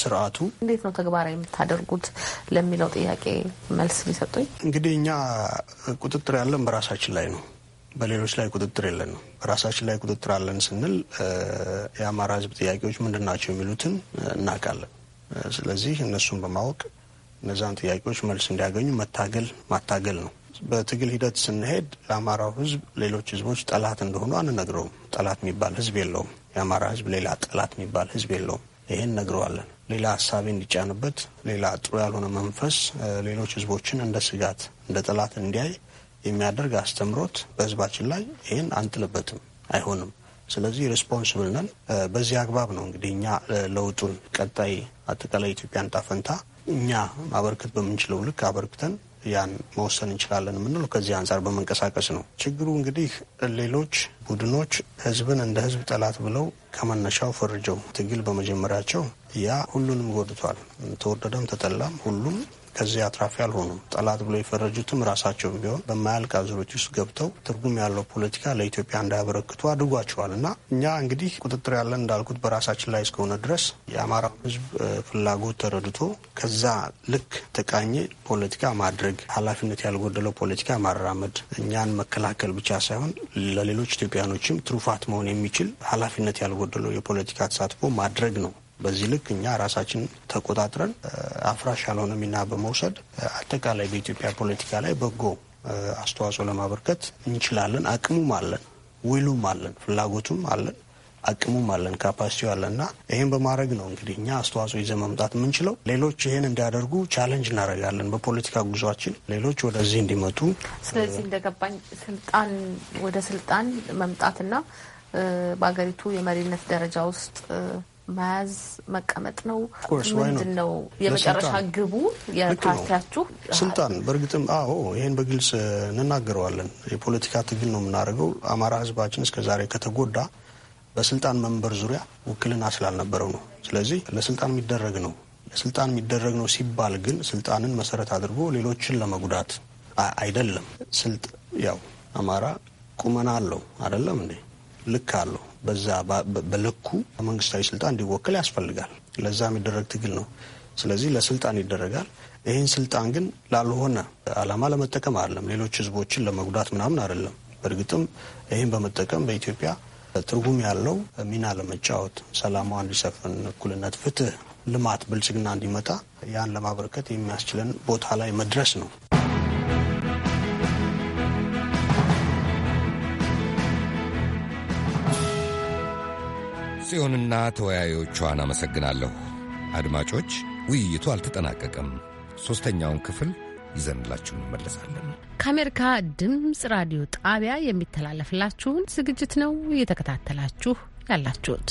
ስርዓቱ እንዴት ነው ተግባራዊ የምታደርጉት ለሚለው ጥያቄ መልስ ሊሰጡኝ። እንግዲህ እኛ ቁጥጥር ያለን በራሳችን ላይ ነው። በሌሎች ላይ ቁጥጥር የለን ነው። በራሳችን ላይ ቁጥጥር አለን ስንል የአማራ ህዝብ ጥያቄዎች ምንድን ናቸው የሚሉትን እናውቃለን። ስለዚህ እነሱን በማወቅ እነዛን ጥያቄዎች መልስ እንዲያገኙ መታገል ማታገል ነው። በትግል ሂደት ስንሄድ ለአማራው ህዝብ ሌሎች ህዝቦች ጠላት እንደሆኑ አንነግረውም። ጠላት የሚባል ህዝብ የለውም። የአማራ ህዝብ ሌላ ጠላት የሚባል ህዝብ የለውም። ይህን ነግረዋለን። ሌላ ሀሳቤ እንዲጫንበት፣ ሌላ ጥሩ ያልሆነ መንፈስ ሌሎች ህዝቦችን እንደ ስጋት እንደ ጠላት እንዲያይ የሚያደርግ አስተምሮት በህዝባችን ላይ ይህን አንጥልበትም፣ አይሆንም። ስለዚህ ሬስፖንስብል ነን። በዚህ አግባብ ነው እንግዲህ እኛ ለውጡን ቀጣይ አጠቃላይ ኢትዮጵያን ጣፈንታ እኛ ማበርከት በምንችለው ልክ አበርክተን ያን መወሰን እንችላለን የምንለው ከዚህ አንጻር በመንቀሳቀስ ነው። ችግሩ እንግዲህ ሌሎች ቡድኖች ህዝብን እንደ ህዝብ ጠላት ብለው ከመነሻው ፈርጀው ትግል በመጀመሪያቸው ያ ሁሉንም ጎድቷል። ተወደደም ተጠላም ሁሉም ከዚህ አትራፊ አልሆኑም። ጠላት ብሎ የፈረጁትም ራሳቸውም ቢሆን በማያልቅ አዙሪት ውስጥ ገብተው ትርጉም ያለው ፖለቲካ ለኢትዮጵያ እንዳያበረክቱ አድርጓቸዋል እና እኛ እንግዲህ ቁጥጥር ያለን እንዳልኩት በራሳችን ላይ እስከሆነ ድረስ የአማራ ሕዝብ ፍላጎት ተረድቶ ከዛ ልክ ተቃኘ ፖለቲካ ማድረግ ኃላፊነት ያልጎደለው ፖለቲካ ማራመድ እኛን መከላከል ብቻ ሳይሆን ለሌሎች ኢትዮጵያኖችም ትሩፋት መሆን የሚችል ኃላፊነት ያልጎደለው የፖለቲካ ተሳትፎ ማድረግ ነው በዚህ ልክ እኛ ራሳችን ተቆጣጥረን አፍራሽ ያልሆነ ሚና በመውሰድ አጠቃላይ በኢትዮጵያ ፖለቲካ ላይ በጎ አስተዋጽኦ ለማበርከት እንችላለን። አቅሙም አለን፣ ውሉም አለን፣ ፍላጎቱም አለን፣ አቅሙም አለን፣ ካፓሲቲው አለና ይህን በማድረግ ነው እንግዲህ እኛ አስተዋጽኦ ይዘ መምጣት የምንችለው። ሌሎች ይህን እንዲያደርጉ ቻለንጅ እናደርጋለን። በፖለቲካ ጉዟችን ሌሎች ወደዚህ እንዲመጡ። ስለዚህ እንደገባኝ ስልጣን ወደ ስልጣን መምጣትና በሀገሪቱ የመሪነት ደረጃ ውስጥ መያዝ መቀመጥ ነው። ምንድን ነው የመጨረሻ ግቡ የፓርቲያችሁ ስልጣን? በእርግጥም አዎ፣ ይህን በግልጽ እንናገረዋለን። የፖለቲካ ትግል ነው የምናደርገው። አማራ ህዝባችን እስከዛሬ ከተጎዳ በስልጣን መንበር ዙሪያ ውክልና ስላልነበረው ነው። ስለዚህ ለስልጣን የሚደረግ ነው። ለስልጣን የሚደረግ ነው ሲባል ግን ስልጣንን መሰረት አድርጎ ሌሎችን ለመጉዳት አይደለም። ስልጥ ያው አማራ ቁመና አለው አይደለም እንዴ? ልክ አለው በዛ በልኩ መንግስታዊ ስልጣን እንዲወክል ያስፈልጋል። ለዛ የሚደረግ ትግል ነው። ስለዚህ ለስልጣን ይደረጋል። ይህን ስልጣን ግን ላልሆነ አላማ ለመጠቀም አይደለም፣ ሌሎች ህዝቦችን ለመጉዳት ምናምን አይደለም። በእርግጥም ይህን በመጠቀም በኢትዮጵያ ትርጉም ያለው ሚና ለመጫወት ሰላሟ እንዲሰፍን፣ እኩልነት፣ ፍትህ፣ ልማት፣ ብልጽግና እንዲመጣ ያን ለማበረከት የሚያስችለን ቦታ ላይ መድረስ ነው ጽዮንና ተወያዮቿን አመሰግናለሁ። አድማጮች፣ ውይይቱ አልተጠናቀቀም። ሦስተኛውን ክፍል ይዘንላችሁ እንመለሳለን። ከአሜሪካ ድምፅ ራዲዮ ጣቢያ የሚተላለፍላችሁን ዝግጅት ነው እየተከታተላችሁ ያላችሁት።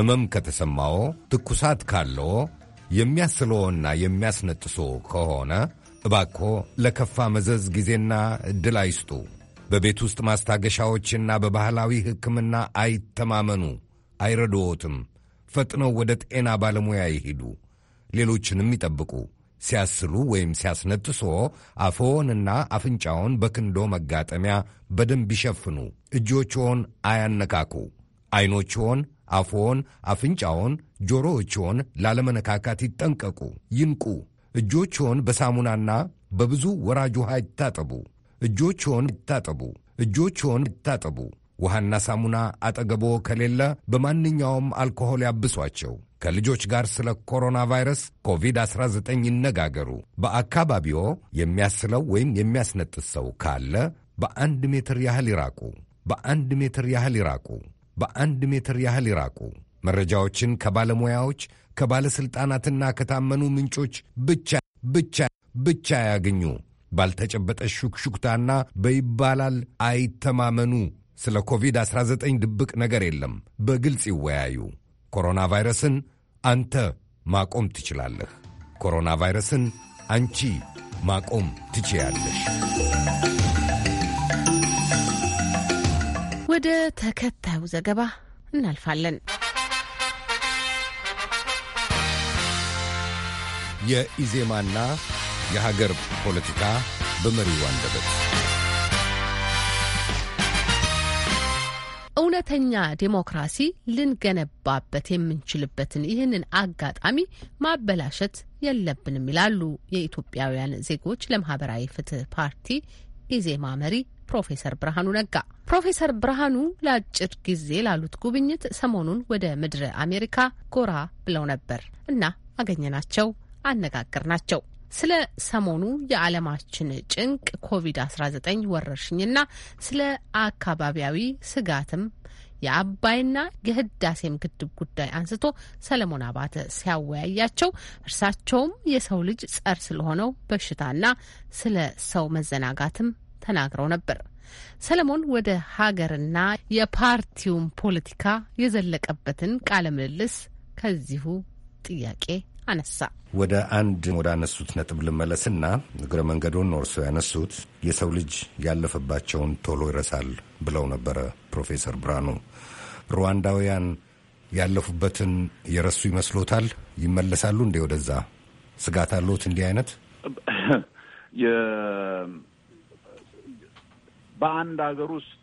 ህመም ከተሰማዎ፣ ትኩሳት ካለዎ፣ የሚያስለዎና የሚያስነጥሶ ከሆነ እባክዎ ለከፋ መዘዝ ጊዜና ዕድል አይስጡ። በቤት ውስጥ ማስታገሻዎችና በባህላዊ ሕክምና አይተማመኑ፣ አይረድዎትም። ፈጥነው ወደ ጤና ባለሙያ ይሄዱ። ሌሎችንም ይጠብቁ። ሲያስሉ ወይም ሲያስነጥሶ አፍዎንና አፍንጫውን በክንዶ መጋጠሚያ በደንብ ይሸፍኑ። እጆችዎን አያነካኩ። ዐይኖችዎን፣ አፍዎን፣ አፍንጫውን ጆሮዎችዎን ላለመነካካት ይጠንቀቁ። ይንቁ። እጆችዎን በሳሙናና በብዙ ወራጅ ውሃ ይታጠቡ። እጆችዎን ይታጠቡ። እጆችዎን ይታጠቡ። ውሃና ሳሙና አጠገቦ ከሌለ በማንኛውም አልኮሆል ያብሷቸው። ከልጆች ጋር ስለ ኮሮና ቫይረስ ኮቪድ-19 ይነጋገሩ። በአካባቢዎ የሚያስለው ወይም የሚያስነጥስ ሰው ካለ በአንድ ሜትር ያህል ይራቁ። በአንድ ሜትር ያህል ይራቁ። በአንድ ሜትር ያህል ይራቁ። መረጃዎችን ከባለሙያዎች ከባለሥልጣናትና ከታመኑ ምንጮች ብቻ ብቻ ብቻ ያገኙ። ባልተጨበጠ ሹክሹክታና በይባላል አይተማመኑ። ስለ ኮቪድ-19 ድብቅ ነገር የለም። በግልጽ ይወያዩ። ኮሮና ቫይረስን አንተ ማቆም ትችላለህ። ኮሮና ቫይረስን አንቺ ማቆም ትችያለሽ። ወደ ተከታዩ ዘገባ እናልፋለን። የኢዜማና የሀገር ፖለቲካ በመሪው አንደበት እውነተኛ ዴሞክራሲ ልንገነባበት የምንችልበትን ይህንን አጋጣሚ ማበላሸት የለብንም ይላሉ የኢትዮጵያውያን ዜጎች ለማህበራዊ ፍትህ ፓርቲ ኢዜማ መሪ ፕሮፌሰር ብርሃኑ ነጋ። ፕሮፌሰር ብርሃኑ ለአጭር ጊዜ ላሉት ጉብኝት ሰሞኑን ወደ ምድረ አሜሪካ ጎራ ብለው ነበር እና አገኘናቸው፣ አነጋገርናቸው። ስለ ሰሞኑ የዓለማችን ጭንቅ ኮቪድ-19 ወረርሽኝና ስለ አካባቢያዊ ስጋትም የአባይና የህዳሴም ግድብ ጉዳይ አንስቶ ሰለሞን አባተ ሲያወያያቸው እርሳቸውም የሰው ልጅ ጸር ስለሆነው በሽታና ስለ ሰው መዘናጋትም ተናግረው ነበር። ሰለሞን ወደ ሀገርና የፓርቲውን ፖለቲካ የዘለቀበትን ቃለ ምልልስ ከዚሁ ጥያቄ አነሳ። ወደ አንድ ወደ አነሱት ነጥብ ልመለስና እግረ መንገዱን እርስዎ ያነሱት የሰው ልጅ ያለፈባቸውን ቶሎ ይረሳል ብለው ነበረ ፕሮፌሰር ብርሃኑ። ሩዋንዳውያን ያለፉበትን የረሱ ይመስሎታል? ይመለሳሉ እንዴ? ወደዛ ስጋት አለዎት? እንዲህ አይነት በአንድ ሀገር ውስጥ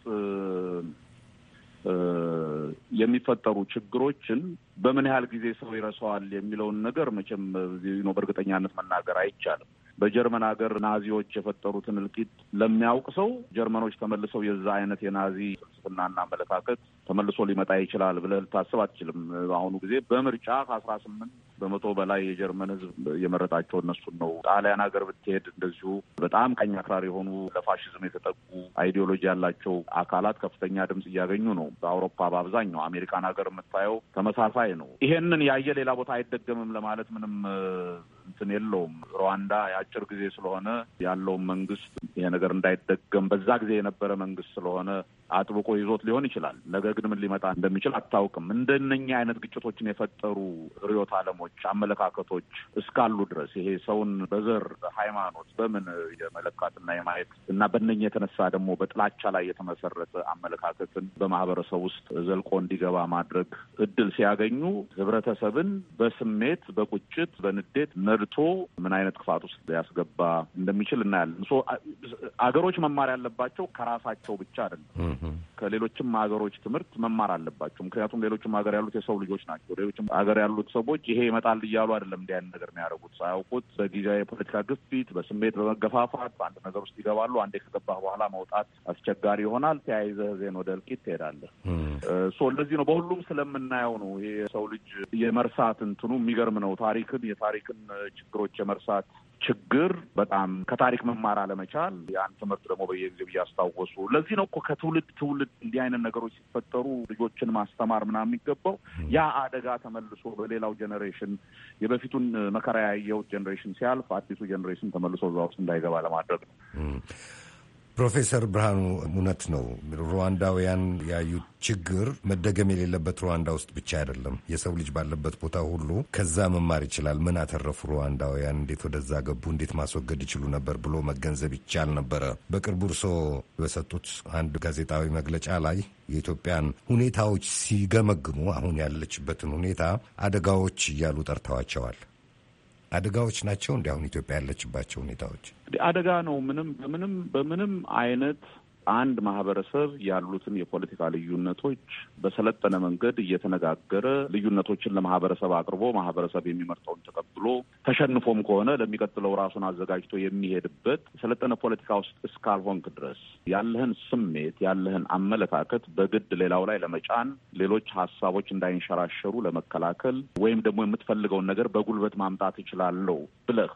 የሚፈጠሩ ችግሮችን በምን ያህል ጊዜ ሰው ይረሳዋል የሚለውን ነገር መቼም በእርግጠኛነት መናገር አይቻልም። በጀርመን ሀገር ናዚዎች የፈጠሩትን እልቂት ለሚያውቅ ሰው ጀርመኖች ተመልሰው የዛ አይነት የናዚ ፍልስፍናና አመለካከት ተመልሶ ሊመጣ ይችላል ብለህ ልታስብ አትችልም። በአሁኑ ጊዜ በምርጫ ከአስራ ስምንት በመቶ በላይ የጀርመን ህዝብ የመረጣቸው እነሱን ነው። ጣሊያን ሀገር ብትሄድ እንደዚሁ በጣም ቀኝ አክራሪ የሆኑ ለፋሽዝም የተጠቁ አይዲዮሎጂ ያላቸው አካላት ከፍተኛ ድምፅ እያገኙ ነው። በአውሮፓ በአብዛኛው አሜሪካን ሀገር የምታየው ተመሳሳይ ነው። ይሄንን ያየ ሌላ ቦታ አይደገምም ለማለት ምንም እንትን የለውም። ሩዋንዳ የአጭር ጊዜ ስለሆነ ያለውን መንግስት ይሄ ነገር እንዳይደገም በዛ ጊዜ የነበረ መንግስት ስለሆነ አጥብቆ ይዞት ሊሆን ይችላል። ነገ ግን ምን ሊመጣ እንደሚችል አታውቅም። እንደነኛ አይነት ግጭቶችን የፈጠሩ ርዕዮተ ዓለሞች፣ አመለካከቶች እስካሉ ድረስ ይሄ ሰውን በዘር ሃይማኖት፣ በምን የመለካትና የማየት እና በነኛ የተነሳ ደግሞ በጥላቻ ላይ የተመሰረተ አመለካከትን በማህበረሰብ ውስጥ ዘልቆ እንዲገባ ማድረግ እድል ሲያገኙ ህብረተሰብን በስሜት በቁጭት በንዴት ነድቶ ምን አይነት ክፋት ውስጥ ሊያስገባ እንደሚችል እናያለን። አገሮች መማር ያለባቸው ከራሳቸው ብቻ አይደለም ከሌሎችም ሀገሮች ትምህርት መማር አለባቸው። ምክንያቱም ሌሎችም ሀገር ያሉት የሰው ልጆች ናቸው። ሌሎችም ሀገር ያሉት ሰዎች ይሄ ይመጣል እያሉ አይደለም እንዲህ አይነት ነገር ነው ሳያውቁት በጊዜያዊ የፖለቲካ ግፊት፣ በስሜት በመገፋፋት በአንድ ነገር ውስጥ ይገባሉ። አንዴ ከገባህ በኋላ መውጣት አስቸጋሪ ይሆናል። ተያይዘህ ዜን ወደ እልቂት ትሄዳለህ። ሶ እንደዚህ ነው በሁሉም ስለምናየው ነው ይሄ የሰው ልጅ የመርሳት እንትኑ የሚገርም ነው። ታሪክን የታሪክን ችግሮች የመርሳት ችግር በጣም ከታሪክ መማር አለመቻል፣ ያን ትምህርት ደግሞ በየጊዜው እያስታወሱ ለዚህ ነው እኮ ከትውልድ ትውልድ እንዲህ አይነት ነገሮች ሲፈጠሩ ልጆችን ማስተማር ምናምን የሚገባው ያ አደጋ ተመልሶ በሌላው ጀኔሬሽን የበፊቱን መከራ ያየሁት ጀኔሬሽን ሲያልፍ አዲሱ ጀኔሬሽን ተመልሶ እዛ ውስጥ እንዳይገባ ለማድረግ ነው። ፕሮፌሰር ብርሃኑ እውነት ነው ሩዋንዳውያን ያዩት ችግር መደገም የሌለበት ሩዋንዳ ውስጥ ብቻ አይደለም። የሰው ልጅ ባለበት ቦታ ሁሉ ከዛ መማር ይችላል። ምን አተረፉ ሩዋንዳውያን? እንዴት ወደዛ ገቡ? እንዴት ማስወገድ ይችሉ ነበር ብሎ መገንዘብ ይቻል ነበረ። በቅርቡ እርሶ በሰጡት አንድ ጋዜጣዊ መግለጫ ላይ የኢትዮጵያን ሁኔታዎች ሲገመግሙ አሁን ያለችበትን ሁኔታ አደጋዎች እያሉ ጠርተዋቸዋል። አደጋዎች ናቸው እንዲህ አሁን ኢትዮጵያ ያለችባቸው ሁኔታዎች አደጋ ነው። ምንም በምንም በምንም አይነት አንድ ማህበረሰብ ያሉትን የፖለቲካ ልዩነቶች በሰለጠነ መንገድ እየተነጋገረ ልዩነቶችን ለማህበረሰብ አቅርቦ ማህበረሰብ የሚመርጠውን ተቀብሎ ተሸንፎም ከሆነ ለሚቀጥለው ራሱን አዘጋጅቶ የሚሄድበት ሰለጠነ ፖለቲካ ውስጥ እስካልሆንክ ድረስ ያለህን ስሜት ያለህን አመለካከት በግድ ሌላው ላይ ለመጫን ሌሎች ሀሳቦች እንዳይንሸራሸሩ ለመከላከል ወይም ደግሞ የምትፈልገውን ነገር በጉልበት ማምጣት እችላለሁ ብለህ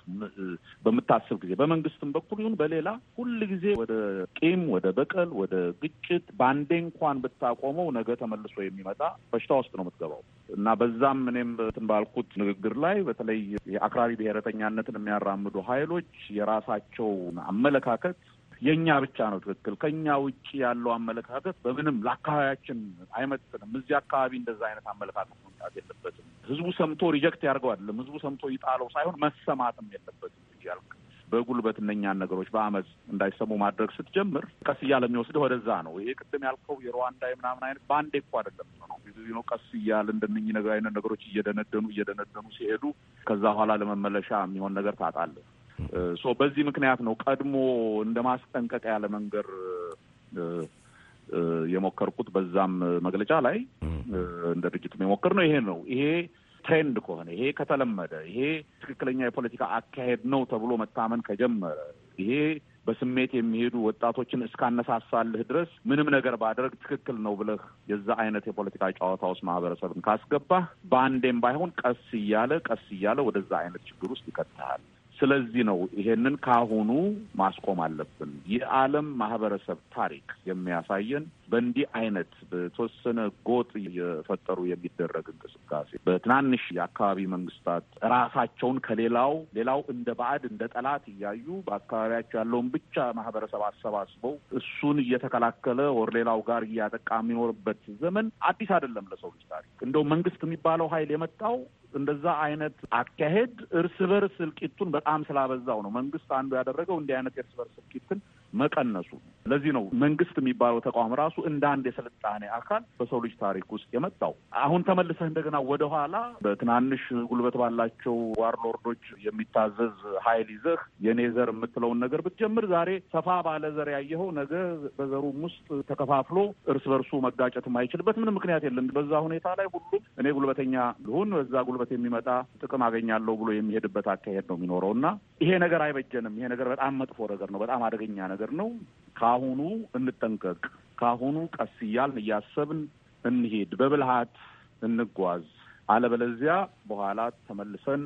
በምታስብ ጊዜ በመንግስትም በኩል ይሁን በሌላ ሁል ጊዜ ወደ ቂም ወደ በቀል፣ ወደ ግጭት በአንዴ እንኳን ብታቆመው ነገ ተመልሶ የሚመጣ በሽታ ውስጥ ነው የምትገባው እና በዛም እኔም እንትን ባልኩት ንግግር ላይ በተለይ የአክራሪ ብሔረተኛነትን የሚያራምዱ ኃይሎች የራሳቸው አመለካከት የእኛ ብቻ ነው ትክክል፣ ከእኛ ውጭ ያለው አመለካከት በምንም ለአካባቢያችን አይመጥንም፣ እዚህ አካባቢ እንደዛ አይነት አመለካከት መምጣት የለበትም፣ ህዝቡ ሰምቶ ሪጀክት ያደርገዋል፣ ህዝቡ ሰምቶ ይጣለው ሳይሆን መሰማትም የለበትም ያልክ በጉልበት እነኛን ነገሮች በአመፅ እንዳይሰሙ ማድረግ ስትጀምር ቀስ እያለ የሚወስድህ ወደዛ ነው። ይሄ ቅድም ያልከው የሩዋንዳ የምናምን አይነት በአንዴ እኮ አይደለም ነው ነው ቀስ እያለ እንደነኝ ነገር አይነት ነገሮች እየደነደኑ እየደነደኑ ሲሄዱ ከዛ በኋላ ለመመለሻ የሚሆን ነገር ታጣለህ። ሶ በዚህ ምክንያት ነው ቀድሞ እንደ ማስጠንቀቅ ያለ ለመንገር የሞከርኩት በዛም መግለጫ ላይ እንደ ድርጅቱም የሞከር ነው ይሄ ነው ይሄ ትሬንድ ከሆነ ይሄ ከተለመደ ይሄ ትክክለኛ የፖለቲካ አካሄድ ነው ተብሎ መታመን ከጀመረ ይሄ በስሜት የሚሄዱ ወጣቶችን እስካነሳሳልህ ድረስ ምንም ነገር ባደረግ ትክክል ነው ብለህ የዛ አይነት የፖለቲካ ጨዋታ ውስጥ ማህበረሰብን ካስገባህ በአንዴም ባይሆን ቀስ እያለ ቀስ እያለ ወደዛ አይነት ችግር ውስጥ ይከትሃል። ስለዚህ ነው ይሄንን ካሁኑ ማስቆም አለብን። የዓለም ማህበረሰብ ታሪክ የሚያሳየን በእንዲህ አይነት በተወሰነ ጎጥ እየፈጠሩ የሚደረግ እንቅስቃሴ በትናንሽ የአካባቢ መንግስታት ራሳቸውን ከሌላው ሌላው እንደ ባዕድ እንደ ጠላት እያዩ በአካባቢያቸው ያለውን ብቻ ማህበረሰብ አሰባስበው እሱን እየተከላከለ ወር ሌላው ጋር እያጠቃ የሚኖርበት ዘመን አዲስ አይደለም ለሰው ልጅ ታሪክ። እንደው መንግስት የሚባለው ኃይል የመጣው እንደዛ አይነት አካሄድ እርስ በርስ እልቂቱን በጣም ስላበዛው ነው። መንግስት አንዱ ያደረገው እንዲህ አይነት እርስ በርስ እልቂትን መቀነሱ። ለዚህ ነው መንግስት የሚባለው ተቋም ራሱ እንደ አንድ የስልጣኔ አካል በሰው ልጅ ታሪክ ውስጥ የመጣው። አሁን ተመልሰህ እንደገና ወደኋላ በትናንሽ ጉልበት ባላቸው ዋርሎርዶች የሚታዘዝ ኃይል ይዘህ የኔ ዘር የምትለውን ነገር ብትጀምር ዛሬ ሰፋ ባለ ዘር ያየኸው ነገ በዘሩም ውስጥ ተከፋፍሎ እርስ በርሱ መጋጨት የማይችልበት ምንም ምክንያት የለም። በዛ ሁኔታ ላይ ሁሉ እኔ ጉልበተኛ ልሁን፣ በዛ ጉልበት የሚመጣ ጥቅም አገኛለሁ ብሎ የሚሄድበት አካሄድ ነው የሚኖረው እና ይሄ ነገር አይበጀንም። ይሄ ነገር በጣም መጥፎ ነገር ነው። በጣም አደገኛ ነገር ነገር ነው። ከአሁኑ እንጠንቀቅ። ከአሁኑ ቀስ እያልን እያሰብን እንሄድ፣ በብልሃት እንጓዝ። አለበለዚያ በኋላ ተመልሰን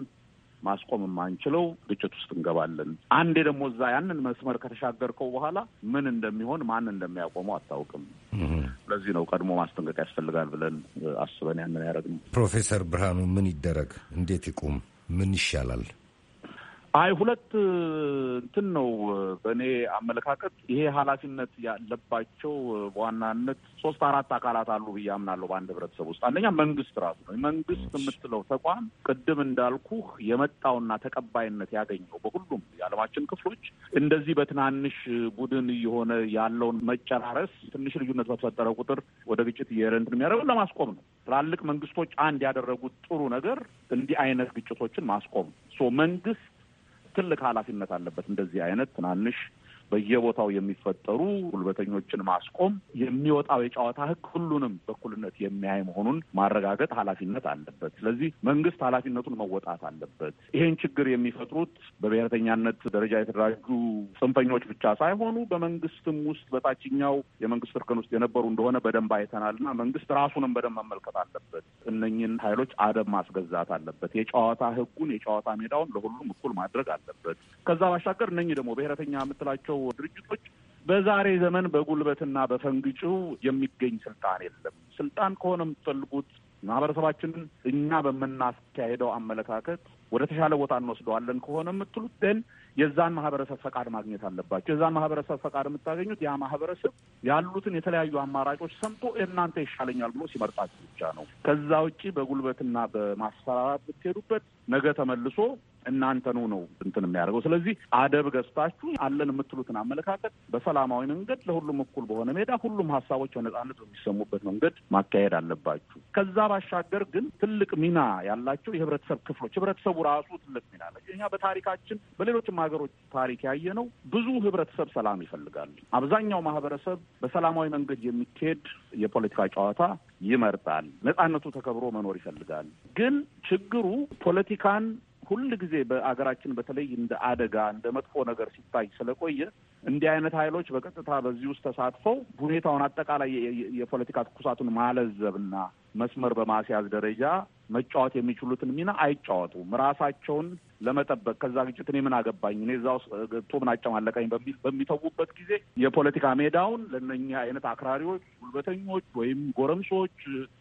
ማስቆም የማንችለው ግጭት ውስጥ እንገባለን። አንዴ ደግሞ እዛ ያንን መስመር ከተሻገርከው በኋላ ምን እንደሚሆን ማን እንደሚያቆመው አታውቅም። ለዚህ ነው ቀድሞ ማስጠንቀቅ ያስፈልጋል ብለን አስበን ያንን ያደረግነው። ፕሮፌሰር ብርሃኑ ምን ይደረግ? እንዴት ይቁም? ምን ይሻላል? አይ ሁለት እንትን ነው። በእኔ አመለካከት ይሄ ኃላፊነት ያለባቸው በዋናነት ሶስት አራት አካላት አሉ ብዬ አምናለሁ በአንድ ህብረተሰብ ውስጥ። አንደኛ መንግስት ራሱ ነው። መንግስት የምትለው ተቋም ቅድም እንዳልኩህ የመጣውና ተቀባይነት ያገኘው በሁሉም የዓለማችን ክፍሎች እንደዚህ በትናንሽ ቡድን እየሆነ ያለውን መጨራረስ ትንሽ ልዩነት በተፈጠረ ቁጥር ወደ ግጭት እየረንትን የሚያደርገው ለማስቆም ነው። ትላልቅ መንግስቶች አንድ ያደረጉት ጥሩ ነገር እንዲህ አይነት ግጭቶችን ማስቆም ነው። መንግስት ትልቅ ኃላፊነት አለበት እንደዚህ አይነት ትናንሽ በየቦታው የሚፈጠሩ ጉልበተኞችን ማስቆም የሚወጣው የጨዋታ ህግ ሁሉንም በኩልነት የሚያይ መሆኑን ማረጋገጥ ኃላፊነት አለበት። ስለዚህ መንግስት ኃላፊነቱን መወጣት አለበት። ይህን ችግር የሚፈጥሩት በብሔረተኛነት ደረጃ የተደራጁ ጽንፈኞች ብቻ ሳይሆኑ በመንግስትም ውስጥ በታችኛው የመንግስት እርከን ውስጥ የነበሩ እንደሆነ በደንብ አይተናል መንግስት ራሱንም በደንብ መመልከት አለበት። እነኝን ኃይሎች አደብ ማስገዛት አለበት። የጨዋታ ህጉን የጨዋታ ሜዳውን ለሁሉም እኩል ማድረግ አለበት። ከዛ ባሻገር እነኚህ ደግሞ ብሔረተኛ የምትላቸው ድርጅቶች በዛሬ ዘመን በጉልበትና በፈንግጩ የሚገኝ ስልጣን የለም። ስልጣን ከሆነ የምትፈልጉት ማህበረሰባችንን እኛ በምናካሄደው አመለካከት ወደ ተሻለ ቦታ እንወስደዋለን ከሆነ የምትሉት ደን የዛን ማህበረሰብ ፈቃድ ማግኘት አለባቸው። የዛን ማህበረሰብ ፈቃድ የምታገኙት ያ ማህበረሰብ ያሉትን የተለያዩ አማራጮች ሰምቶ እናንተ ይሻለኛል ብሎ ሲመርጣችሁ ብቻ ነው። ከዛ ውጭ በጉልበትና በማስፈራራት ብትሄዱበት ነገ ተመልሶ እናንተኑ ነው እንትን የሚያደርገው። ስለዚህ አደብ ገዝታችሁ አለን የምትሉትን አመለካከት በሰላማዊ መንገድ ለሁሉም እኩል በሆነ ሜዳ ሁሉም ሀሳቦች በነጻነት በሚሰሙበት መንገድ ማካሄድ አለባችሁ። ከዛ ባሻገር ግን ትልቅ ሚና ያላቸው የህብረተሰብ ክፍሎች ህብረተሰቡ ራሱ ትልቅ ሚና አለ። እኛ በታሪካችን በሌሎችም ሀገሮች ታሪክ ያየ ነው። ብዙ ህብረተሰብ ሰላም ይፈልጋል። አብዛኛው ማህበረሰብ በሰላማዊ መንገድ የሚካሄድ የፖለቲካ ጨዋታ ይመርጣል። ነጻነቱ ተከብሮ መኖር ይፈልጋል። ግን ችግሩ ፖለቲካን ሁል ጊዜ በአገራችን በተለይ እንደ አደጋ እንደ መጥፎ ነገር ሲታይ ስለቆየ እንዲህ አይነት ኃይሎች በቀጥታ በዚህ ውስጥ ተሳትፈው ሁኔታውን አጠቃላይ የፖለቲካ ትኩሳቱን ማለዘብና መስመር በማስያዝ ደረጃ መጫወት የሚችሉትን ሚና አይጫወቱም። ራሳቸውን ለመጠበቅ ከዛ ግጭት እኔ ምን አገባኝ እኔ እዛ ውስጥ ገብቶ ምን አጨማለቀኝ በሚል በሚተዉበት ጊዜ የፖለቲካ ሜዳውን ለነኛ አይነት አክራሪዎች፣ ጉልበተኞች ወይም ጎረምሶች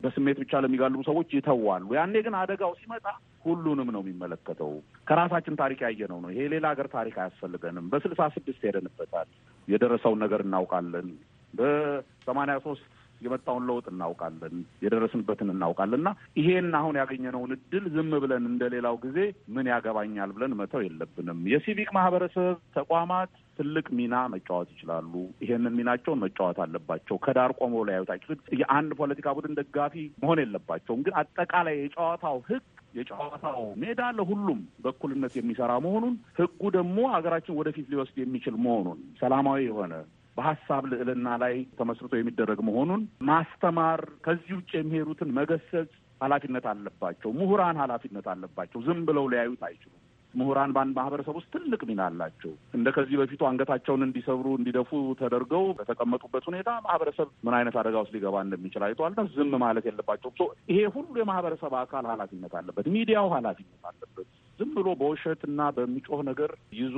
በስሜት ብቻ ለሚጋልቡ ሰዎች ይተዋሉ። ያኔ ግን አደጋው ሲመጣ ሁሉንም ነው የሚመለከተው። ከራሳችን ታሪክ ያየነው ነው። ይሄ ሌላ ሀገር ታሪክ አያስፈልገንም። በስልሳ ስድስት ሄደንበታል። የደረሰውን ነገር እናውቃለን። በሰማንያ ሶስት የመጣውን ለውጥ እናውቃለን፣ የደረስንበትን እናውቃለን። እና ይሄን አሁን ያገኘነውን እድል ዝም ብለን እንደሌላው ጊዜ ምን ያገባኛል ብለን መተው የለብንም። የሲቪክ ማህበረሰብ ተቋማት ትልቅ ሚና መጫወት ይችላሉ። ይሄንን ሚናቸውን መጫወት አለባቸው። ከዳር ቆሞ ሊያዩት የአንድ ፖለቲካ ቡድን ደጋፊ መሆን የለባቸውም። ግን አጠቃላይ የጨዋታው ህግ የጨዋታው ሜዳ ለሁሉም በእኩልነት የሚሰራ መሆኑን ህጉ ደግሞ ሀገራችን ወደፊት ሊወስድ የሚችል መሆኑን ሰላማዊ የሆነ በሀሳብ ልዕልና ላይ ተመስርቶ የሚደረግ መሆኑን ማስተማር፣ ከዚህ ውጭ የሚሄዱትን መገሰጽ ኃላፊነት አለባቸው። ምሁራን ኃላፊነት አለባቸው። ዝም ብለው ሊያዩት አይችሉም። ምሁራን በአንድ ማህበረሰብ ውስጥ ትልቅ ሚና አላቸው። እንደ ከዚህ በፊቱ አንገታቸውን እንዲሰብሩ እንዲደፉ ተደርገው በተቀመጡበት ሁኔታ ማህበረሰብ ምን አይነት አደጋ ውስጥ ሊገባ እንደሚችል አይተዋልና ዝም ማለት የለባቸውም። ይሄ ሁሉ የማህበረሰብ አካል ኃላፊነት አለበት። ሚዲያው ኃላፊነት አለበት። ዝም ብሎ በውሸት እና በሚጮህ ነገር ይዞ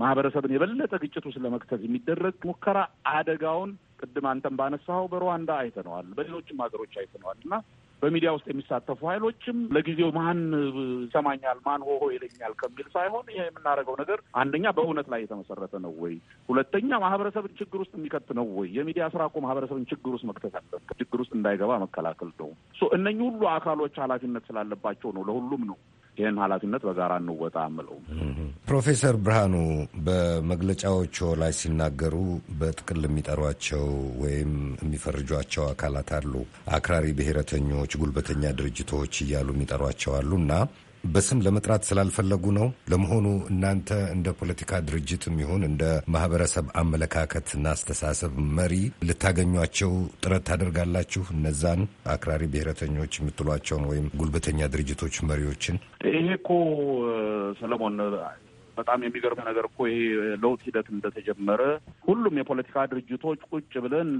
ማህበረሰብን የበለጠ ግጭት ውስጥ ለመክተት የሚደረግ ሙከራ አደጋውን ቅድም አንተም ባነሳኸው በሩዋንዳ አይተነዋል፣ በሌሎችም ሀገሮች አይተነዋል እና በሚዲያ ውስጥ የሚሳተፉ ኃይሎችም ለጊዜው ማን ይሰማኛል ማን ሆሆ ይለኛል ከሚል ሳይሆን ይሄ የምናደርገው ነገር አንደኛ በእውነት ላይ የተመሰረተ ነው ወይ፣ ሁለተኛ ማህበረሰብን ችግር ውስጥ የሚከት ነው ወይ? የሚዲያ ስራ እኮ ማህበረሰብን ችግር ውስጥ መክተት አለበት፣ ችግር ውስጥ እንዳይገባ መከላከል ነው። እነኚህ ሁሉ አካሎች ኃላፊነት ስላለባቸው ነው ለሁሉም ነው ይህን ኃላፊነት በጋራ እንወጣ ምለው። ፕሮፌሰር ብርሃኑ በመግለጫዎቹ ላይ ሲናገሩ በጥቅል የሚጠሯቸው ወይም የሚፈርጇቸው አካላት አሉ። አክራሪ ብሔረተኞች፣ ጉልበተኛ ድርጅቶች እያሉ የሚጠሯቸው አሉ እና በስም ለመጥራት ስላልፈለጉ ነው። ለመሆኑ እናንተ እንደ ፖለቲካ ድርጅት ይሁን እንደ ማህበረሰብ አመለካከትና አስተሳሰብ መሪ ልታገኟቸው ጥረት ታደርጋላችሁ? እነዛን አክራሪ ብሔረተኞች የምትሏቸውን ወይም ጉልበተኛ ድርጅቶች መሪዎችን? ይሄ እኮ ሰለሞን በጣም የሚገርም ነገር እኮ ይሄ ለውጥ ሂደት እንደተጀመረ ሁሉም የፖለቲካ ድርጅቶች ቁጭ ብለን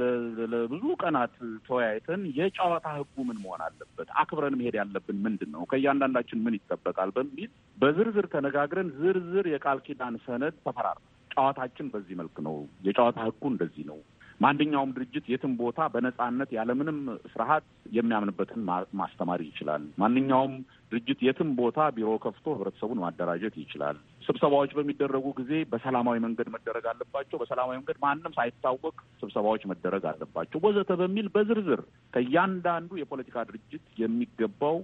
ለብዙ ቀናት ተወያይተን የጨዋታ ህጉ ምን መሆን አለበት፣ አክብረን መሄድ ያለብን ምንድን ነው፣ ከእያንዳንዳችን ምን ይጠበቃል በሚል በዝርዝር ተነጋግረን ዝርዝር የቃል ኪዳን ሰነድ ተፈራር ጨዋታችን በዚህ መልክ ነው፣ የጨዋታ ህጉ እንደዚህ ነው። ማንኛውም ድርጅት የትም ቦታ በነጻነት ያለምንም ስርዓት የሚያምንበትን ማስተማር ይችላል። ማንኛውም ድርጅት የትም ቦታ ቢሮ ከፍቶ ህብረተሰቡን ማደራጀት ይችላል። ስብሰባዎች በሚደረጉ ጊዜ በሰላማዊ መንገድ መደረግ አለባቸው፣ በሰላማዊ መንገድ ማንም ሳይታወቅ ስብሰባዎች መደረግ አለባቸው ወዘተ በሚል በዝርዝር ከእያንዳንዱ የፖለቲካ ድርጅት የሚገባው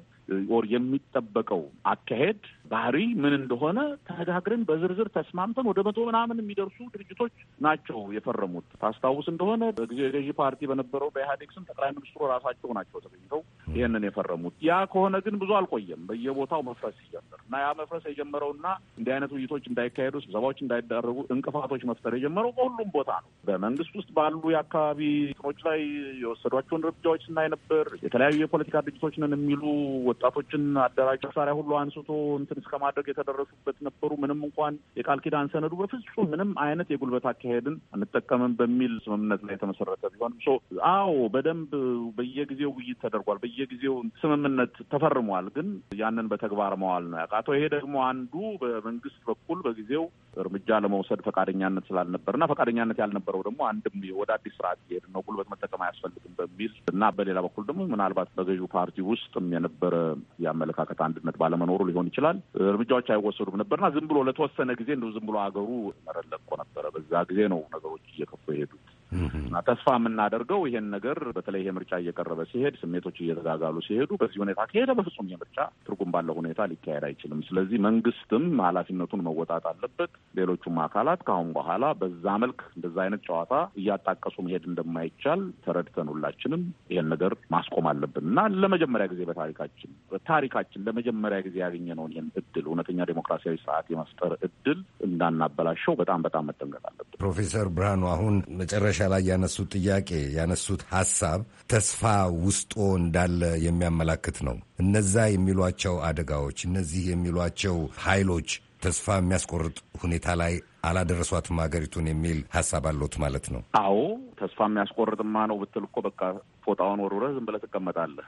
ኦር የሚጠበቀው አካሄድ ባህሪ ምን እንደሆነ ተነጋግረን በዝርዝር ተስማምተን ወደ መቶ ምናምን የሚደርሱ ድርጅቶች ናቸው የፈረሙት። ታስታውስ እንደሆነ በጊዜው የገዢ ፓርቲ በነበረው በኢህአዴግ ስም ጠቅላይ ሚኒስትሩ ራሳቸው ናቸው ተገኝተው ይህንን የፈረሙት። ያ ከሆነ ግን ብዙ አልቆየም፣ በየቦታው መፍረስ ሲጀምር እና ያ መፍረስ የጀመረውና እንዲህ አይነት ውይይቶች እንዳይካሄዱ፣ ስብሰባዎች እንዳይዳረጉ እንቅፋቶች መፍጠር የጀመረው በሁሉም ቦታ ነው። በመንግስት ውስጥ ባሉ የአካባቢ እንትኖች ላይ የወሰዷቸውን እርምጃዎች ስናይ ነበር። የተለያዩ የፖለቲካ ድርጅቶች ነን የሚሉ ወጣቶችን አደራጅ መሳሪያ ሁሉ አንስቶ እንትን እስከ ማድረግ የተደረሱበት ነበሩ። ምንም እንኳን የቃል ኪዳን ሰነዱ በፍጹም ምንም አይነት የጉልበት አካሄድን አንጠቀምም በሚል ስምምነት ላይ የተመሰረተ ቢሆንም አዎ በደንብ በየጊዜው ውይይት ተደርጓል። በየጊዜው ስምምነት ተፈርሟል። ግን ያንን በተግባር መዋል ነው ያቃተው። ይሄ ደግሞ አንዱ በመንግስት በኩል በጊዜው እርምጃ ለመውሰድ ፈቃደኛነት ስላልነበር እና ፈቃደኛነት ያልነበረው ደግሞ አንድም ወደ አዲስ ስርዓት ሄድ ነው፣ ጉልበት መጠቀም አያስፈልግም በሚል እና በሌላ በኩል ደግሞ ምናልባት በገዢው ፓርቲ ውስጥም የነበረ የአመለካከት አንድነት ባለመኖሩ ሊሆን ይችላል እርምጃዎች አይወሰዱም ነበርና ዝም ብሎ ለተወሰነ ጊዜ እንደው ዝም ብሎ አገሩ መረለቆ ነበረ። በዛ ጊዜ ነው ነገሮች እየከፉ የሄዱት። እና ተስፋ የምናደርገው ይሄን ነገር በተለይ ይሄ ምርጫ እየቀረበ ሲሄድ፣ ስሜቶች እየተጋጋሉ ሲሄዱ፣ በዚህ ሁኔታ ከሄደ በፍጹም ይሄ ምርጫ ትርጉም ባለው ሁኔታ ሊካሄድ አይችልም። ስለዚህ መንግስትም ኃላፊነቱን መወጣት አለበት። ሌሎቹም አካላት ከአሁን በኋላ በዛ መልክ እንደዛ አይነት ጨዋታ እያጣቀሱ መሄድ እንደማይቻል ተረድተን ሁላችንም ይሄን ነገር ማስቆም አለብን እና ለመጀመሪያ ጊዜ በታሪካችን በታሪካችን ለመጀመሪያ ጊዜ ያገኘነውን ይህን እድል እውነተኛ ዴሞክራሲያዊ ስርዓት የመፍጠር እድል እንዳናበላሸው በጣም በጣም መጠንቀቅ አለብን። ፕሮፌሰር ብርሃኑ አሁን መጨረሻ ላይ ያነሱት ጥያቄ ያነሱት ሀሳብ ተስፋ ውስጦ እንዳለ የሚያመላክት ነው። እነዛ የሚሏቸው አደጋዎች፣ እነዚህ የሚሏቸው ኃይሎች ተስፋ የሚያስቆርጥ ሁኔታ ላይ አላደረሷትም ሀገሪቱን የሚል ሀሳብ አለት ማለት ነው? አዎ ተስፋ የሚያስቆርጥማ ነው ብትል እኮ በቃ ፎጣውን ወርውረህ ዝም ብለህ ትቀመጣለህ።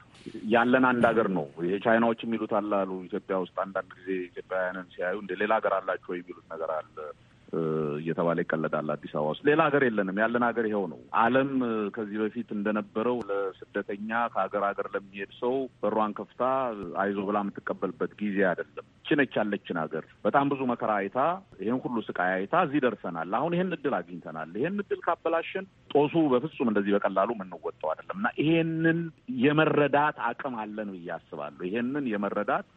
ያለን አንድ ሀገር ነው። የቻይናዎች የሚሉት አላሉ ኢትዮጵያ ውስጥ አንዳንድ ጊዜ ኢትዮጵያውያንን ሲያዩ እንደ ሌላ ሀገር አላቸው የሚሉት ነገር አለ። እየተባለ ይቀለዳል። አዲስ አበባ ውስጥ ሌላ ሀገር የለንም። ያለን ሀገር ይኸው ነው። ዓለም ከዚህ በፊት እንደነበረው ለስደተኛ ከሀገር ሀገር ለሚሄድ ሰው በሯን ከፍታ አይዞ ብላ የምትቀበልበት ጊዜ አይደለም። ችነች ያለችን ሀገር በጣም ብዙ መከራ አይታ ይህን ሁሉ ስቃይ አይታ እዚህ ደርሰናል። አሁን ይህን እድል አግኝተናል። ይህን እድል ካበላሽን ጦሱ በፍጹም እንደዚህ በቀላሉ የምንወጣው አይደለም እና ይሄንን የመረዳት አቅም አለን ብዬ አስባለሁ። ይሄንን የመረዳት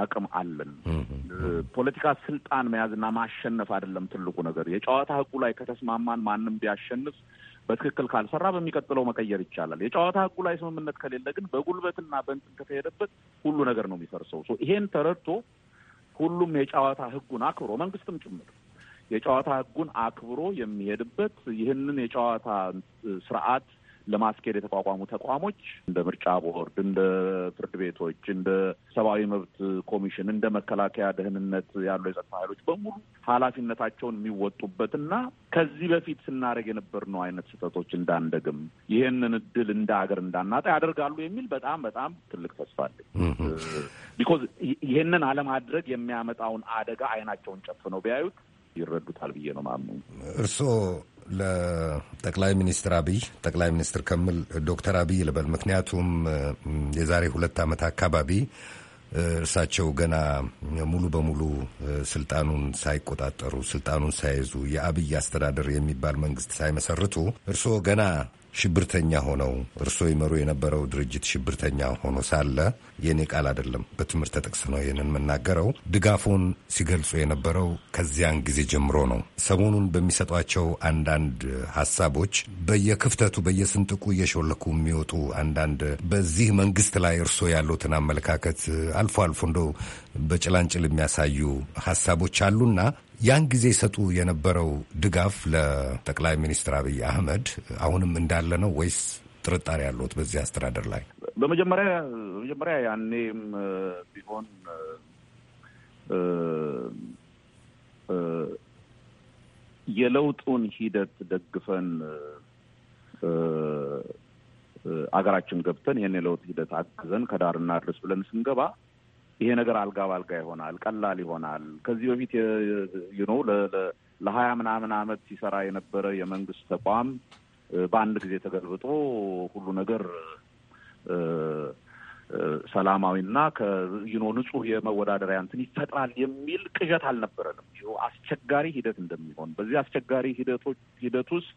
አቅም አለን። ፖለቲካ ስልጣን መያዝና ማሸነፍ አይደለም ትልቁ ነገር። የጨዋታ ህጉ ላይ ከተስማማን ማንም ቢያሸንፍ በትክክል ካልሰራ በሚቀጥለው መቀየር ይቻላል። የጨዋታ ህጉ ላይ ስምምነት ከሌለ ግን በጉልበትና በእንትን ከተሄደበት ሁሉ ነገር ነው የሚፈርሰው። ይሄን ተረድቶ ሁሉም የጨዋታ ህጉን አክብሮ መንግስትም ጭምር የጨዋታ ህጉን አክብሮ የሚሄድበት ይህንን የጨዋታ ስርዓት ለማስኬድ የተቋቋሙ ተቋሞች እንደ ምርጫ ቦርድ፣ እንደ ፍርድ ቤቶች፣ እንደ ሰብአዊ መብት ኮሚሽን፣ እንደ መከላከያ ደህንነት ያሉ የጸጥታ ኃይሎች በሙሉ ኃላፊነታቸውን እና ከዚህ በፊት ስናደርግ የነበርነው አይነት ስህተቶች እንዳንደግም ይህንን እድል እንደ ሀገር እንዳናጣ ያደርጋሉ የሚል በጣም በጣም ትልቅ ተስፋ አለኝ። ቢኮዝ ይህንን አለማድረግ የሚያመጣውን አደጋ አይናቸውን ጨፍነው ቢያዩት ይረዱታል ብዬ ነው ማምኑ። እርስዎ ለጠቅላይ ሚኒስትር አብይ ጠቅላይ ሚኒስትር ከምል ዶክተር አብይ ልበል። ምክንያቱም የዛሬ ሁለት ዓመት አካባቢ እርሳቸው ገና ሙሉ በሙሉ ስልጣኑን ሳይቆጣጠሩ ስልጣኑን ሳይዙ የአብይ አስተዳደር የሚባል መንግስት ሳይመሰርቱ እርስዎ ገና ሽብርተኛ ሆነው እርስዎ ይመሩ የነበረው ድርጅት ሽብርተኛ ሆኖ ሳለ የእኔ ቃል አይደለም፣ በትምህርት ተጠቅስ ነው ይህንን የምናገረው። ድጋፉን ሲገልጹ የነበረው ከዚያን ጊዜ ጀምሮ ነው። ሰሞኑን በሚሰጧቸው አንዳንድ ሀሳቦች በየክፍተቱ በየስንጥቁ እየሾለኩ የሚወጡ አንዳንድ በዚህ መንግስት ላይ እርስዎ ያሉትን አመለካከት አልፎ አልፎ እንደው በጭላንጭል የሚያሳዩ ሀሳቦች አሉና ያን ጊዜ ሰጡ የነበረው ድጋፍ ለጠቅላይ ሚኒስትር አብይ አህመድ አሁንም እንዳለ ነው ወይስ ጥርጣሬ ያለት በዚህ አስተዳደር ላይ? በመጀመሪያ በመጀመሪያ ያኔም ቢሆን የለውጡን ሂደት ደግፈን አገራችን ገብተን ይህን የለውጥ ሂደት አግዘን ከዳርና ድረስ ብለን ስንገባ ይሄ ነገር አልጋ ባልጋ ይሆናል፣ ቀላል ይሆናል። ከዚህ በፊት ዩኖ ለሀያ ምናምን አመት ሲሰራ የነበረ የመንግስት ተቋም በአንድ ጊዜ ተገልብጦ ሁሉ ነገር ሰላማዊና ከዩኖ ንጹህ የመወዳደሪያ እንትን ይፈጥራል የሚል ቅዠት አልነበረንም። አስቸጋሪ ሂደት እንደሚሆን በዚህ አስቸጋሪ ሂደቶች ሂደት ውስጥ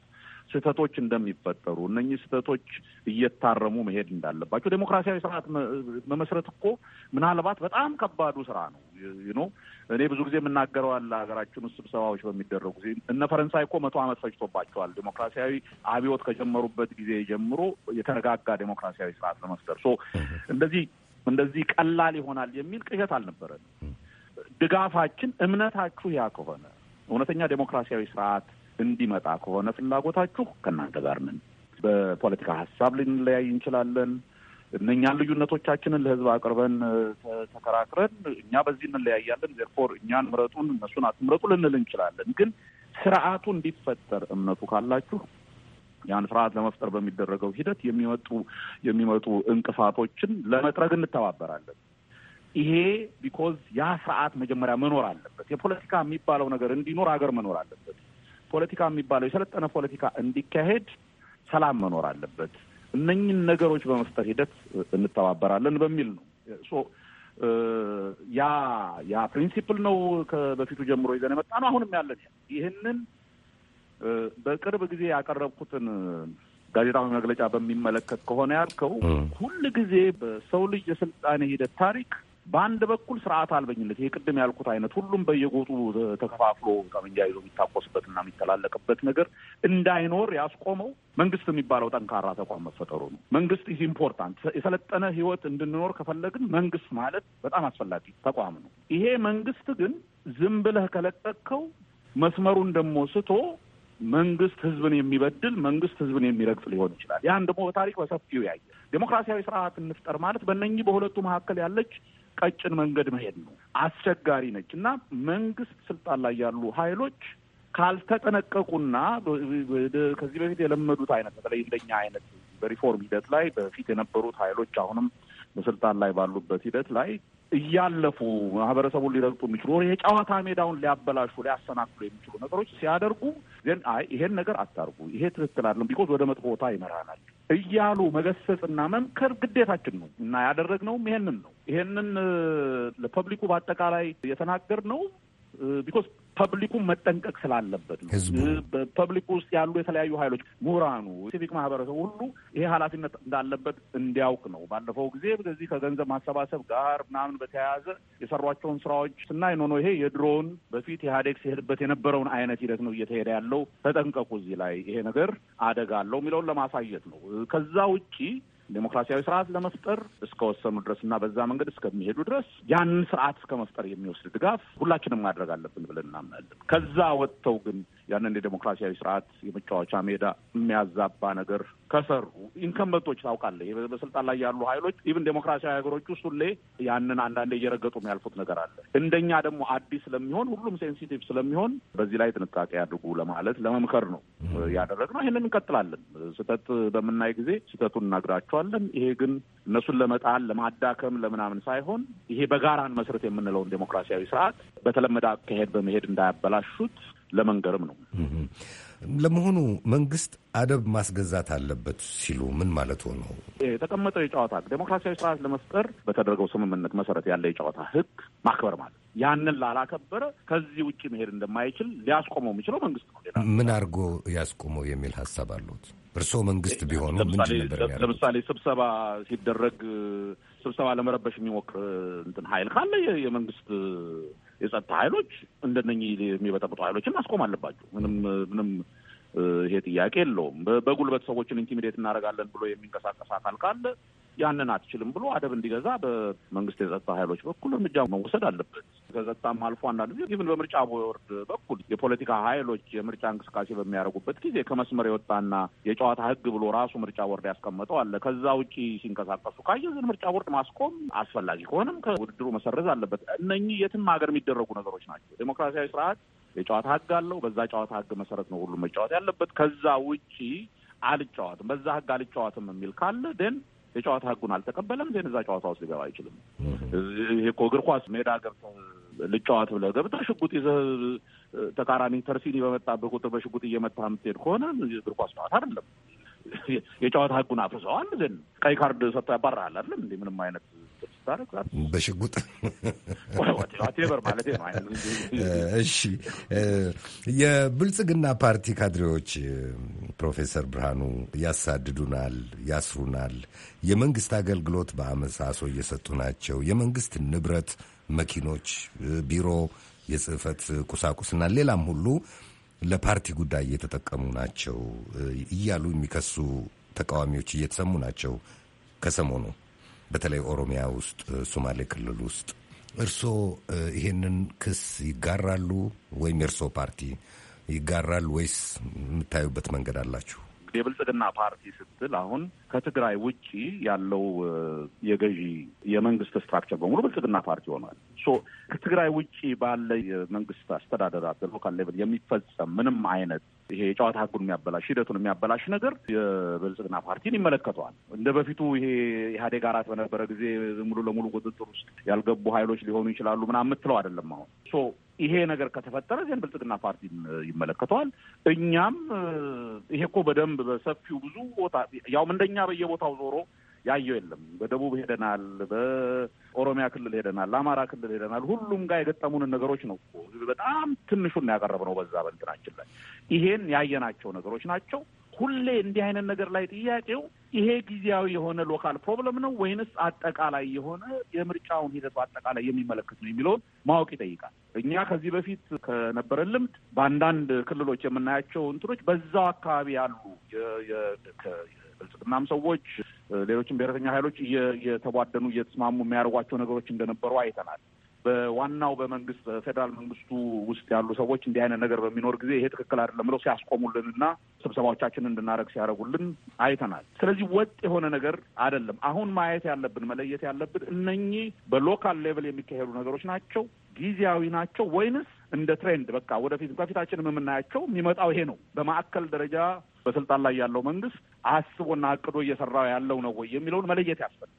ስህተቶች እንደሚፈጠሩ እነኚህ ስህተቶች እየታረሙ መሄድ እንዳለባቸው ዴሞክራሲያዊ ስርዓት መመስረት እኮ ምናልባት በጣም ከባዱ ስራ ነው። ዩኖ እኔ ብዙ ጊዜ የምናገረው አለ ሀገራችን ውስጥ ስብሰባዎች በሚደረጉ ጊዜ እነ ፈረንሳይ እኮ መቶ ዓመት ፈጅቶባቸዋል። ዴሞክራሲያዊ አብዮት ከጀመሩበት ጊዜ ጀምሮ የተረጋጋ ዴሞክራሲያዊ ስርዓት ለመፍጠር ሶ እንደዚህ እንደዚህ ቀላል ይሆናል የሚል ቅዠት አልነበረንም። ድጋፋችን፣ እምነታችሁ ያ ከሆነ እውነተኛ ዴሞክራሲያዊ ስርዓት እንዲመጣ ከሆነ ፍላጎታችሁ ከእናንተ ጋር ነን። በፖለቲካ ሀሳብ ልንለያይ እንችላለን። እነኛን ልዩነቶቻችንን ለህዝብ አቅርበን ተከራክረን እኛ በዚህ እንለያያለን፣ ዜርፎር እኛን ምረጡን እነሱን አትምረጡ ልንል እንችላለን። ግን ስርዓቱ እንዲፈጠር እምነቱ ካላችሁ ያን ስርዓት ለመፍጠር በሚደረገው ሂደት የሚመጡ የሚመጡ እንቅፋቶችን ለመጥረግ እንተባበራለን። ይሄ ቢኮዝ ያ ስርዓት መጀመሪያ መኖር አለበት። የፖለቲካ የሚባለው ነገር እንዲኖር ሀገር መኖር አለበት። ፖለቲካ የሚባለው የሰለጠነ ፖለቲካ እንዲካሄድ ሰላም መኖር አለበት። እነኝን ነገሮች በመፍጠር ሂደት እንተባበራለን በሚል ነው። ያ ያ ፕሪንሲፕል ነው በፊቱ ጀምሮ ይዘን የመጣ ነው። አሁንም ያለን ይህንን በቅርብ ጊዜ ያቀረብኩትን ጋዜጣዊ መግለጫ በሚመለከት ከሆነ ያልከው ሁል ጊዜ በሰው ልጅ የስልጣኔ ሂደት ታሪክ በአንድ በኩል ስርዓት አልበኝነት ይሄ ቅድም ያልኩት አይነት ሁሉም በየጎጡ ተከፋፍሎ ጠመንጃ ይዞ የሚታኮስበትና የሚተላለቅበት ነገር እንዳይኖር ያስቆመው መንግስት የሚባለው ጠንካራ ተቋም መፈጠሩ ነው። መንግስት ኢዝ ኢምፖርታንት። የሰለጠነ ህይወት እንድንኖር ከፈለግን መንግስት ማለት በጣም አስፈላጊ ተቋም ነው። ይሄ መንግስት ግን ዝም ብለህ ከለቀቅከው መስመሩን ደግሞ ስቶ መንግስት ህዝብን የሚበድል መንግስት ህዝብን የሚረግጥ ሊሆን ይችላል። ያን ደግሞ በታሪክ በሰፊው ያየ ዴሞክራሲያዊ ስርዓት እንፍጠር ማለት በእነኚህ በሁለቱ መካከል ያለች ቀጭን መንገድ መሄድ ነው። አስቸጋሪ ነች እና መንግስት ስልጣን ላይ ያሉ ኃይሎች ካልተጠነቀቁና ከዚህ በፊት የለመዱት አይነት በተለይ እንደኛ አይነት በሪፎርም ሂደት ላይ በፊት የነበሩት ኃይሎች አሁንም በስልጣን ላይ ባሉበት ሂደት ላይ እያለፉ ማህበረሰቡን ሊረግጡ የሚችሉ የጨዋታ ሜዳውን ሊያበላሹ ሊያሰናክሉ የሚችሉ ነገሮች ሲያደርጉ ግን አይ ይሄን ነገር አታርጉ፣ ይሄ ትክክል አለም ቢኮዝ ወደ መጥፎ ቦታ ይመራናል እያሉ መገሰጽና መምከር ግዴታችን ነው እና ያደረግነውም ይሄንን ነው። ይሄንን ለፐብሊኩ በአጠቃላይ የተናገር ነው ቢኮዝ ፐብሊኩ መጠንቀቅ ስላለበት ነው። በፐብሊኩ ውስጥ ያሉ የተለያዩ ኃይሎች፣ ምሁራኑ፣ ሲቪክ ማህበረሰቡ ሁሉ ይሄ ኃላፊነት እንዳለበት እንዲያውቅ ነው። ባለፈው ጊዜ በዚህ ከገንዘብ ማሰባሰብ ጋር ምናምን በተያያዘ የሰሯቸውን ስራዎች ስናይ ኖ ይሄ የድሮውን በፊት ኢህአዴግ ሲሄድበት የነበረውን አይነት ሂደት ነው እየተሄደ ያለው። ተጠንቀቁ፣ እዚህ ላይ ይሄ ነገር አደጋ አለው የሚለውን ለማሳየት ነው። ከዛ ውጪ ዴሞክራሲያዊ ስርዓት ለመፍጠር እስከወሰኑ ድረስ እና በዛ መንገድ እስከሚሄዱ ድረስ ያንን ስርዓት እስከ መፍጠር የሚወስድ ድጋፍ ሁላችንም ማድረግ አለብን ብለን እናምናለን። ከዛ ወጥተው ግን ያንን የዴሞክራሲያዊ ስርዓት የመጫወቻ ሜዳ የሚያዛባ ነገር ከሰሩ ኢንከመንቶች ታውቃለህ፣ በስልጣን ላይ ያሉ ሀይሎች ኢቭን ዴሞክራሲያዊ ሀገሮች ውስጥ ሁሌ ያንን አንዳንዴ እየረገጡ የሚያልፉት ነገር አለ። እንደኛ ደግሞ አዲስ ስለሚሆን ሁሉም ሴንሲቲቭ ስለሚሆን በዚህ ላይ ጥንቃቄ አድርጉ ለማለት ለመምከር ነው ያደረግነው። ይህንን እንቀጥላለን። ስህተት በምናይ ጊዜ ስህተቱን እናግራቸዋለን። ይሄ ግን እነሱን ለመጣል ለማዳከም፣ ለምናምን ሳይሆን ይሄ በጋራን መስረት የምንለውን ዴሞክራሲያዊ ስርዓት በተለመደ አካሄድ በመሄድ እንዳያበላሹት ለመንገርም ነው። ለመሆኑ መንግስት አደብ ማስገዛት አለበት ሲሉ ምን ማለት ሆነው? የተቀመጠው የጨዋታ ዴሞክራሲያዊ ስርዓት ለመፍጠር በተደረገው ስምምነት መሰረት ያለ የጨዋታ ህግ ማክበር ማለት ያንን ላላከበረ ከዚህ ውጭ መሄድ እንደማይችል ሊያስቆመው የሚችለው መንግስት ነው። ምን አድርጎ ያስቆመው የሚል ሀሳብ አሉት? እርስዎ መንግስት ቢሆኑ ምንድን ነበር? ለምሳሌ ስብሰባ ሲደረግ ስብሰባ ለመረበሽ የሚሞክር እንትን ሀይል ካለ የመንግስት የጸጥታ ኃይሎች እንደነኚህ የሚበጠብጡ ኃይሎችን ማስቆም አለባቸው። ምንም ምንም ይሄ ጥያቄ የለውም። በጉልበት ሰዎችን ኢንቲሚዴት እናደርጋለን ብሎ የሚንቀሳቀስ አካል ካለ ያንን አትችልም ብሎ አደብ እንዲገዛ በመንግስት የጸጥታ ኃይሎች በኩል እርምጃ መውሰድ አለበት። ከጸጥታም አልፎ አንዳንድ ጊዜ ኢቭን በምርጫ ቦርድ በኩል የፖለቲካ ኃይሎች የምርጫ እንቅስቃሴ በሚያደርጉበት ጊዜ ከመስመር የወጣና የጨዋታ ህግ ብሎ ራሱ ምርጫ ቦርድ ያስቀመጠው አለ። ከዛ ውጪ ሲንቀሳቀሱ ካየ ዝን ምርጫ ቦርድ ማስቆም አስፈላጊ ከሆነም ከውድድሩ መሰረዝ አለበት። እነኚህ የትም ሀገር የሚደረጉ ነገሮች ናቸው። ዴሞክራሲያዊ ስርዓት የጨዋታ ህግ አለው። በዛ ጨዋታ ህግ መሰረት ነው ሁሉም መጫወት ያለበት። ከዛ ውጪ አልጫዋትም በዛ ህግ አልጫዋትም የሚል ካለ ደን የጨዋታ ህጉን አልተቀበለም፣ ዜን እዛ ጨዋታ ውስጥ ሊገባ አይችልም። ይሄ እኮ እግር ኳስ ሜዳ ገብተህ ልጫዋት ብለህ ገብተህ ሽጉጥ ይዘህ ተቃራኒ ተርሲኒ በመጣበት ቁጥር በሽጉጥ እየመታህ የምትሄድ ከሆነ እግር ኳስ ጨዋታ አይደለም። የጨዋታ ህጉን አፍርሰዋል። ግን ቀይ ካርድ ሰጥቶ ያባራሃል አይደለም ምንም አይነት በሽጉጥ እሺ የብልጽግና ፓርቲ ካድሬዎች ፕሮፌሰር ብርሃኑ ያሳድዱናል፣ ያስሩናል፣ የመንግስት አገልግሎት በአመሳሶ እየሰጡ ናቸው፣ የመንግስት ንብረት መኪኖች፣ ቢሮ፣ የጽህፈት ቁሳቁስና ሌላም ሁሉ ለፓርቲ ጉዳይ እየተጠቀሙ ናቸው እያሉ የሚከሱ ተቃዋሚዎች እየተሰሙ ናቸው ከሰሞኑ በተለይ ኦሮሚያ ውስጥ፣ ሶማሌ ክልል ውስጥ። እርስዎ ይሄንን ክስ ይጋራሉ ወይም የእርስዎ ፓርቲ ይጋራል ወይስ የምታዩበት መንገድ አላችሁ? የብልጽግና ፓርቲ ስትል አሁን ከትግራይ ውጭ ያለው የገዢ የመንግስት ስትራክቸር በሙሉ ብልጽግና ፓርቲ ሆኗል። ሶ ከትግራይ ውጭ ባለ የመንግስት አስተዳደር ሎካል ሌቭል የሚፈጸም ምንም አይነት ይሄ የጨዋታ ህጉን የሚያበላሽ ሂደቱን የሚያበላሽ ነገር የብልጽግና ፓርቲን ይመለከተዋል። እንደ በፊቱ ይሄ ኢህአዴግ አራት በነበረ ጊዜ ሙሉ ለሙሉ ቁጥጥር ውስጥ ያልገቡ ኃይሎች ሊሆኑ ይችላሉ ምናምን የምትለው አይደለም አሁን ይሄ ነገር ከተፈጠረ ዜን ብልጽግና ፓርቲን ይመለከተዋል። እኛም ይሄ እኮ በደንብ በሰፊው ብዙ ቦታ ያውም እንደኛ በየቦታው ዞሮ ያየው የለም። በደቡብ ሄደናል፣ በኦሮሚያ ክልል ሄደናል፣ ለአማራ ክልል ሄደናል። ሁሉም ጋር የገጠሙንን ነገሮች ነው በጣም ትንሹን ያቀረብ ነው በዛ በእንትናችን ላይ ይሄን ያየናቸው ነገሮች ናቸው። ሁሌ እንዲህ አይነት ነገር ላይ ጥያቄው ይሄ ጊዜያዊ የሆነ ሎካል ፕሮብለም ነው ወይንስ አጠቃላይ የሆነ የምርጫውን ሂደቱ አጠቃላይ የሚመለከት ነው የሚለውን ማወቅ ይጠይቃል። እኛ ከዚህ በፊት ከነበረ ልምድ በአንዳንድ ክልሎች የምናያቸው እንትኖች በዛው አካባቢ ያሉ ብልጽግናም ሰዎች ሌሎችም ብሔረተኛ ኃይሎች እየተቧደኑ እየተስማሙ የሚያደርጓቸው ነገሮች እንደነበሩ አይተናል። በዋናው በመንግስት በፌዴራል መንግስቱ ውስጥ ያሉ ሰዎች እንዲህ አይነት ነገር በሚኖር ጊዜ ይሄ ትክክል አይደለም ብለው ሲያስቆሙልን እና ስብሰባዎቻችንን እንድናደረግ ሲያደርጉልን አይተናል። ስለዚህ ወጥ የሆነ ነገር አይደለም። አሁን ማየት ያለብን መለየት ያለብን እነኚህ በሎካል ሌቭል የሚካሄዱ ነገሮች ናቸው፣ ጊዜያዊ ናቸው ወይንስ እንደ ትሬንድ በቃ ወደፊት ከፊታችንም የምናያቸው የሚመጣው ይሄ ነው በማዕከል ደረጃ በስልጣን ላይ ያለው መንግስት አስቦና አቅዶ እየሰራ ያለው ነው ወይ የሚለውን መለየት ያስፈልጋል።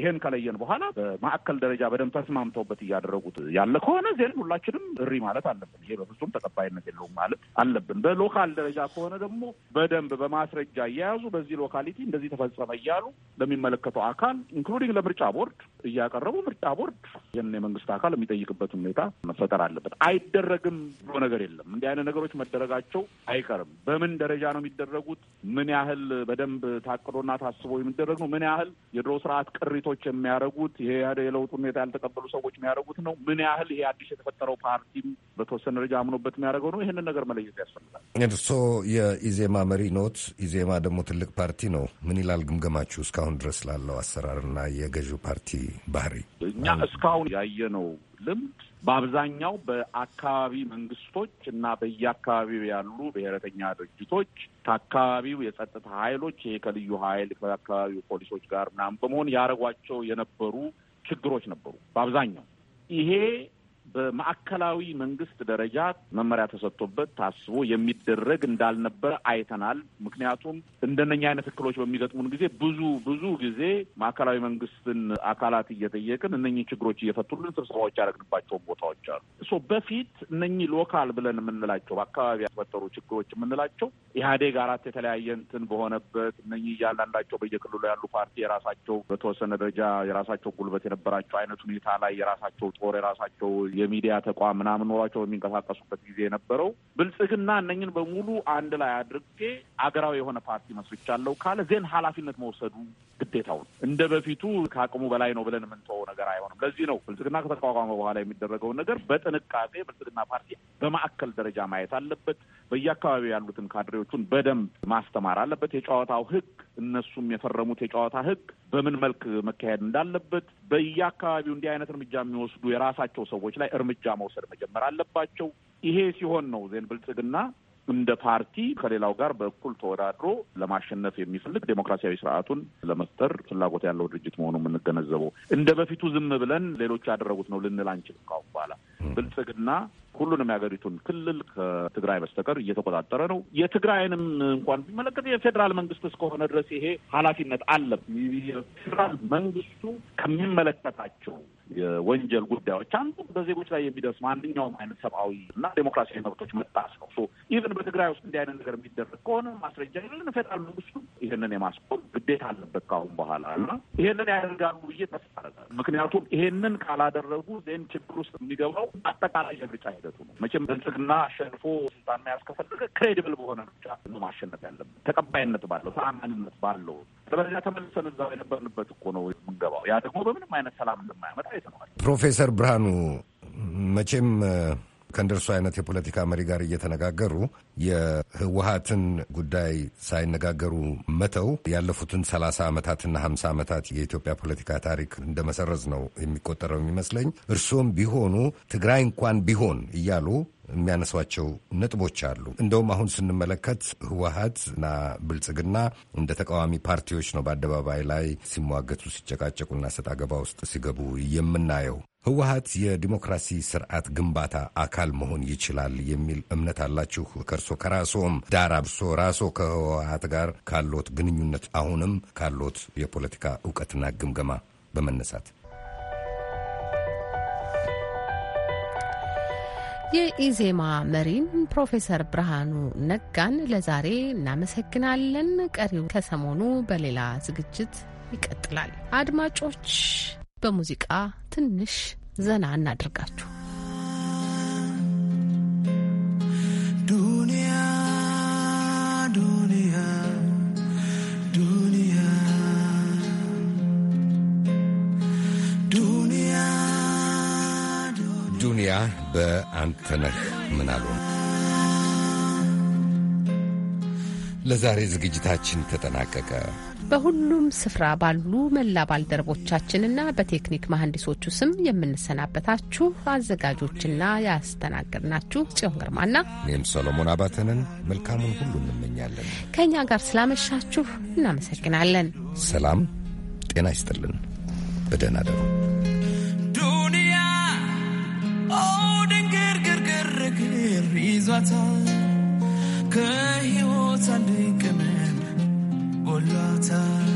ይሄን ከለየን በኋላ በማዕከል ደረጃ በደንብ ተስማምተውበት እያደረጉት ያለ ከሆነ ዜን ሁላችንም እሪ ማለት አለብን። ይሄ በፍጹም ተቀባይነት የለውም ማለት አለብን። በሎካል ደረጃ ከሆነ ደግሞ በደንብ በማስረጃ እየያዙ በዚህ ሎካሊቲ እንደዚህ ተፈጸመ እያሉ ለሚመለከተው አካል ኢንክሉዲንግ ለምርጫ ቦርድ እያቀረቡ ምርጫ ቦርድ ይህን የመንግስት አካል የሚጠይቅበት ሁኔታ መፈጠር አለበት። አይደረግም ብሎ ነገር የለም። እንዲህ አይነት ነገሮች መደረጋቸው አይቀርም። በምን ደረጃ ነው የሚደረጉት? ምን ያህል በደንብ ታቅዶና ታስቦ የሚደረግ ነው? ምን ያህል የድሮ ስርዓት ቅሪት ድርጅቶች የሚያደርጉት ይሄ የለውጥ ሁኔታ ያልተቀበሉ ሰዎች የሚያደርጉት ነው። ምን ያህል ይሄ አዲስ የተፈጠረው ፓርቲም በተወሰነ ደረጃ አምኖበት የሚያደርገው ነው። ይህንን ነገር መለየት ያስፈልጋል። እርስዎ የኢዜማ መሪ ኖት። ኢዜማ ደግሞ ትልቅ ፓርቲ ነው። ምን ይላል ግምገማችሁ እስካሁን ድረስ ላለው አሰራርና የገዢው ፓርቲ ባህሪ? እኛ እስካሁን ያየነው ልምድ በአብዛኛው በአካባቢ መንግስቶች እና በየአካባቢው ያሉ ብሔረተኛ ድርጅቶች ከአካባቢው የጸጥታ ኃይሎች ይሄ ከልዩ ኃይል ከአካባቢው ፖሊሶች ጋር ምናምን በመሆን ያደረጓቸው የነበሩ ችግሮች ነበሩ። በአብዛኛው ይሄ በማዕከላዊ መንግስት ደረጃ መመሪያ ተሰጥቶበት ታስቦ የሚደረግ እንዳልነበረ አይተናል። ምክንያቱም እንደነኛ አይነት እክሎች በሚገጥሙን ጊዜ ብዙ ብዙ ጊዜ ማዕከላዊ መንግስትን አካላት እየጠየቅን እነኚህ ችግሮች እየፈቱልን ስብሰባዎች ያደረግንባቸውን ቦታዎች አሉ። እሶ በፊት እነኚህ ሎካል ብለን የምንላቸው በአካባቢ ያስፈጠሩ ችግሮች የምንላቸው ኢህአዴግ አራት የተለያየ እንትን በሆነበት እነኚህ እያንዳንዳቸው በየክልሉ ያሉ ፓርቲ የራሳቸው በተወሰነ ደረጃ የራሳቸው ጉልበት የነበራቸው አይነት ሁኔታ ላይ የራሳቸው ጦር የራሳቸው የሚዲያ ተቋም ምናምን ኖሯቸው በሚንቀሳቀሱበት ጊዜ የነበረው ብልጽግና እነኝን በሙሉ አንድ ላይ አድርጌ አገራዊ የሆነ ፓርቲ መስርቻለሁ ካለ ዜን ኃላፊነት መውሰዱ ግዴታውን እንደ በፊቱ ከአቅሙ በላይ ነው ብለን የምንተው ነገር አይሆንም። ለዚህ ነው ብልጽግና ከተቋቋመ በኋላ የሚደረገውን ነገር በጥንቃቄ ብልጽግና ፓርቲ በማዕከል ደረጃ ማየት አለበት። በየአካባቢው ያሉትን ካድሬዎቹን በደንብ ማስተማር አለበት። የጨዋታው ህግ እነሱም የፈረሙት የጨዋታ ህግ በምን መልክ መካሄድ እንዳለበት በየአካባቢው እንዲህ አይነት እርምጃ የሚወስዱ የራሳቸው ሰዎች ላይ እርምጃ መውሰድ መጀመር አለባቸው። ይሄ ሲሆን ነው ዜን ብልጽግና እንደ ፓርቲ ከሌላው ጋር በእኩል ተወዳድሮ ለማሸነፍ የሚፈልግ ዴሞክራሲያዊ ስርዓቱን ለመፍጠር ፍላጎት ያለው ድርጅት መሆኑ የምንገነዘበው እንደ በፊቱ ዝም ብለን ሌሎች ያደረጉት ነው ልንል አንችልም። ካሁን በኋላ ብልጽግና ሁሉንም የሀገሪቱን ክልል ከትግራይ በስተቀር እየተቆጣጠረ ነው። የትግራይንም እንኳን ቢመለከት የፌዴራል መንግስት እስከሆነ ድረስ ይሄ ኃላፊነት አለ። የፌዴራል መንግስቱ ከሚመለከታቸው የወንጀል ጉዳዮች አንዱ በዜጎች ላይ የሚደርስ ማንኛውም አይነት ሰብአዊ እና ዴሞክራሲያዊ መብቶች መጣስ ነው። ኢቨን በትግራይ ውስጥ እንዲህ አይነት ነገር የሚደረግ ከሆነ ማስረጃ የለን ፌዴራል መንግስቱ ይህንን የማስቆም ግዴታ አለበት ካሁን በኋላ እና ይህንን ያደርጋሉ ብዬ ተስፋ ምክንያቱም ይሄንን ካላደረጉ ዜን ችግር ውስጥ የሚገባው አጠቃላይ የምርጫ ሂደቱ ነው። መቼም ብልጽግና አሸንፎ ስልጣን መያዝ ከፈለገ ክሬዲብል በሆነ ምርጫ ነው ማሸነፍ ያለብን፣ ተቀባይነት ባለው ተአማንነት ባለው። ስለዚህ ተመልሰን እዛው የነበርንበት እኮ ነው የምንገባው። ያ ደግሞ በምንም አይነት ሰላም እንደማያመጣ የተነዋል። ፕሮፌሰር ብርሃኑ መቼም ከእንደርሱ አይነት የፖለቲካ መሪ ጋር እየተነጋገሩ የህወሀትን ጉዳይ ሳይነጋገሩ መተው ያለፉትን ሰላሳ ዓመታትና ሀምሳ ዓመታት የኢትዮጵያ ፖለቲካ ታሪክ እንደ መሰረዝ ነው የሚቆጠረው የሚመስለኝ። እርሶም ቢሆኑ ትግራይ እንኳን ቢሆን እያሉ የሚያነሷቸው ነጥቦች አሉ። እንደውም አሁን ስንመለከት ህወሀት ብልጽግና እንደ ተቃዋሚ ፓርቲዎች ነው በአደባባይ ላይ ሲሟገቱ፣ ሲጨቃጨቁና ሰጣ ገባ ውስጥ ሲገቡ የምናየው። ህወሀት የዲሞክራሲ ስርዓት ግንባታ አካል መሆን ይችላል የሚል እምነት አላችሁ? ከእርሶ ከራሶም ዳር ብሶ ራሶ ከህወሀት ጋር ካሎት ግንኙነት አሁንም ካሎት የፖለቲካ እውቀትና ግምገማ በመነሳት የኢዜማ መሪን ፕሮፌሰር ብርሃኑ ነጋን ለዛሬ እናመሰግናለን። ቀሪው ከሰሞኑ በሌላ ዝግጅት ይቀጥላል። አድማጮች በሙዚቃ ትንሽ ዘና እናድርጋችሁ። ዱንያ በአንተነህ ምናሉ ለዛሬ ዝግጅታችን ተጠናቀቀ። በሁሉም ስፍራ ባሉ መላ ባልደረቦቻችንና በቴክኒክ መሐንዲሶቹ ስም የምንሰናበታችሁ አዘጋጆችና ያስተናገድናችሁ ጽዮን ግርማና እኔም ሰሎሞን አባተንን መልካሙን ሁሉ እንመኛለን። ከእኛ ጋር ስላመሻችሁ እናመሰግናለን። ሰላም ጤና ይስጥልን። በደህና ደሩ። ዱንያ ድንግር ግርግር ይዟታል ከሕይወት አንድ ቀን ጎሏታል።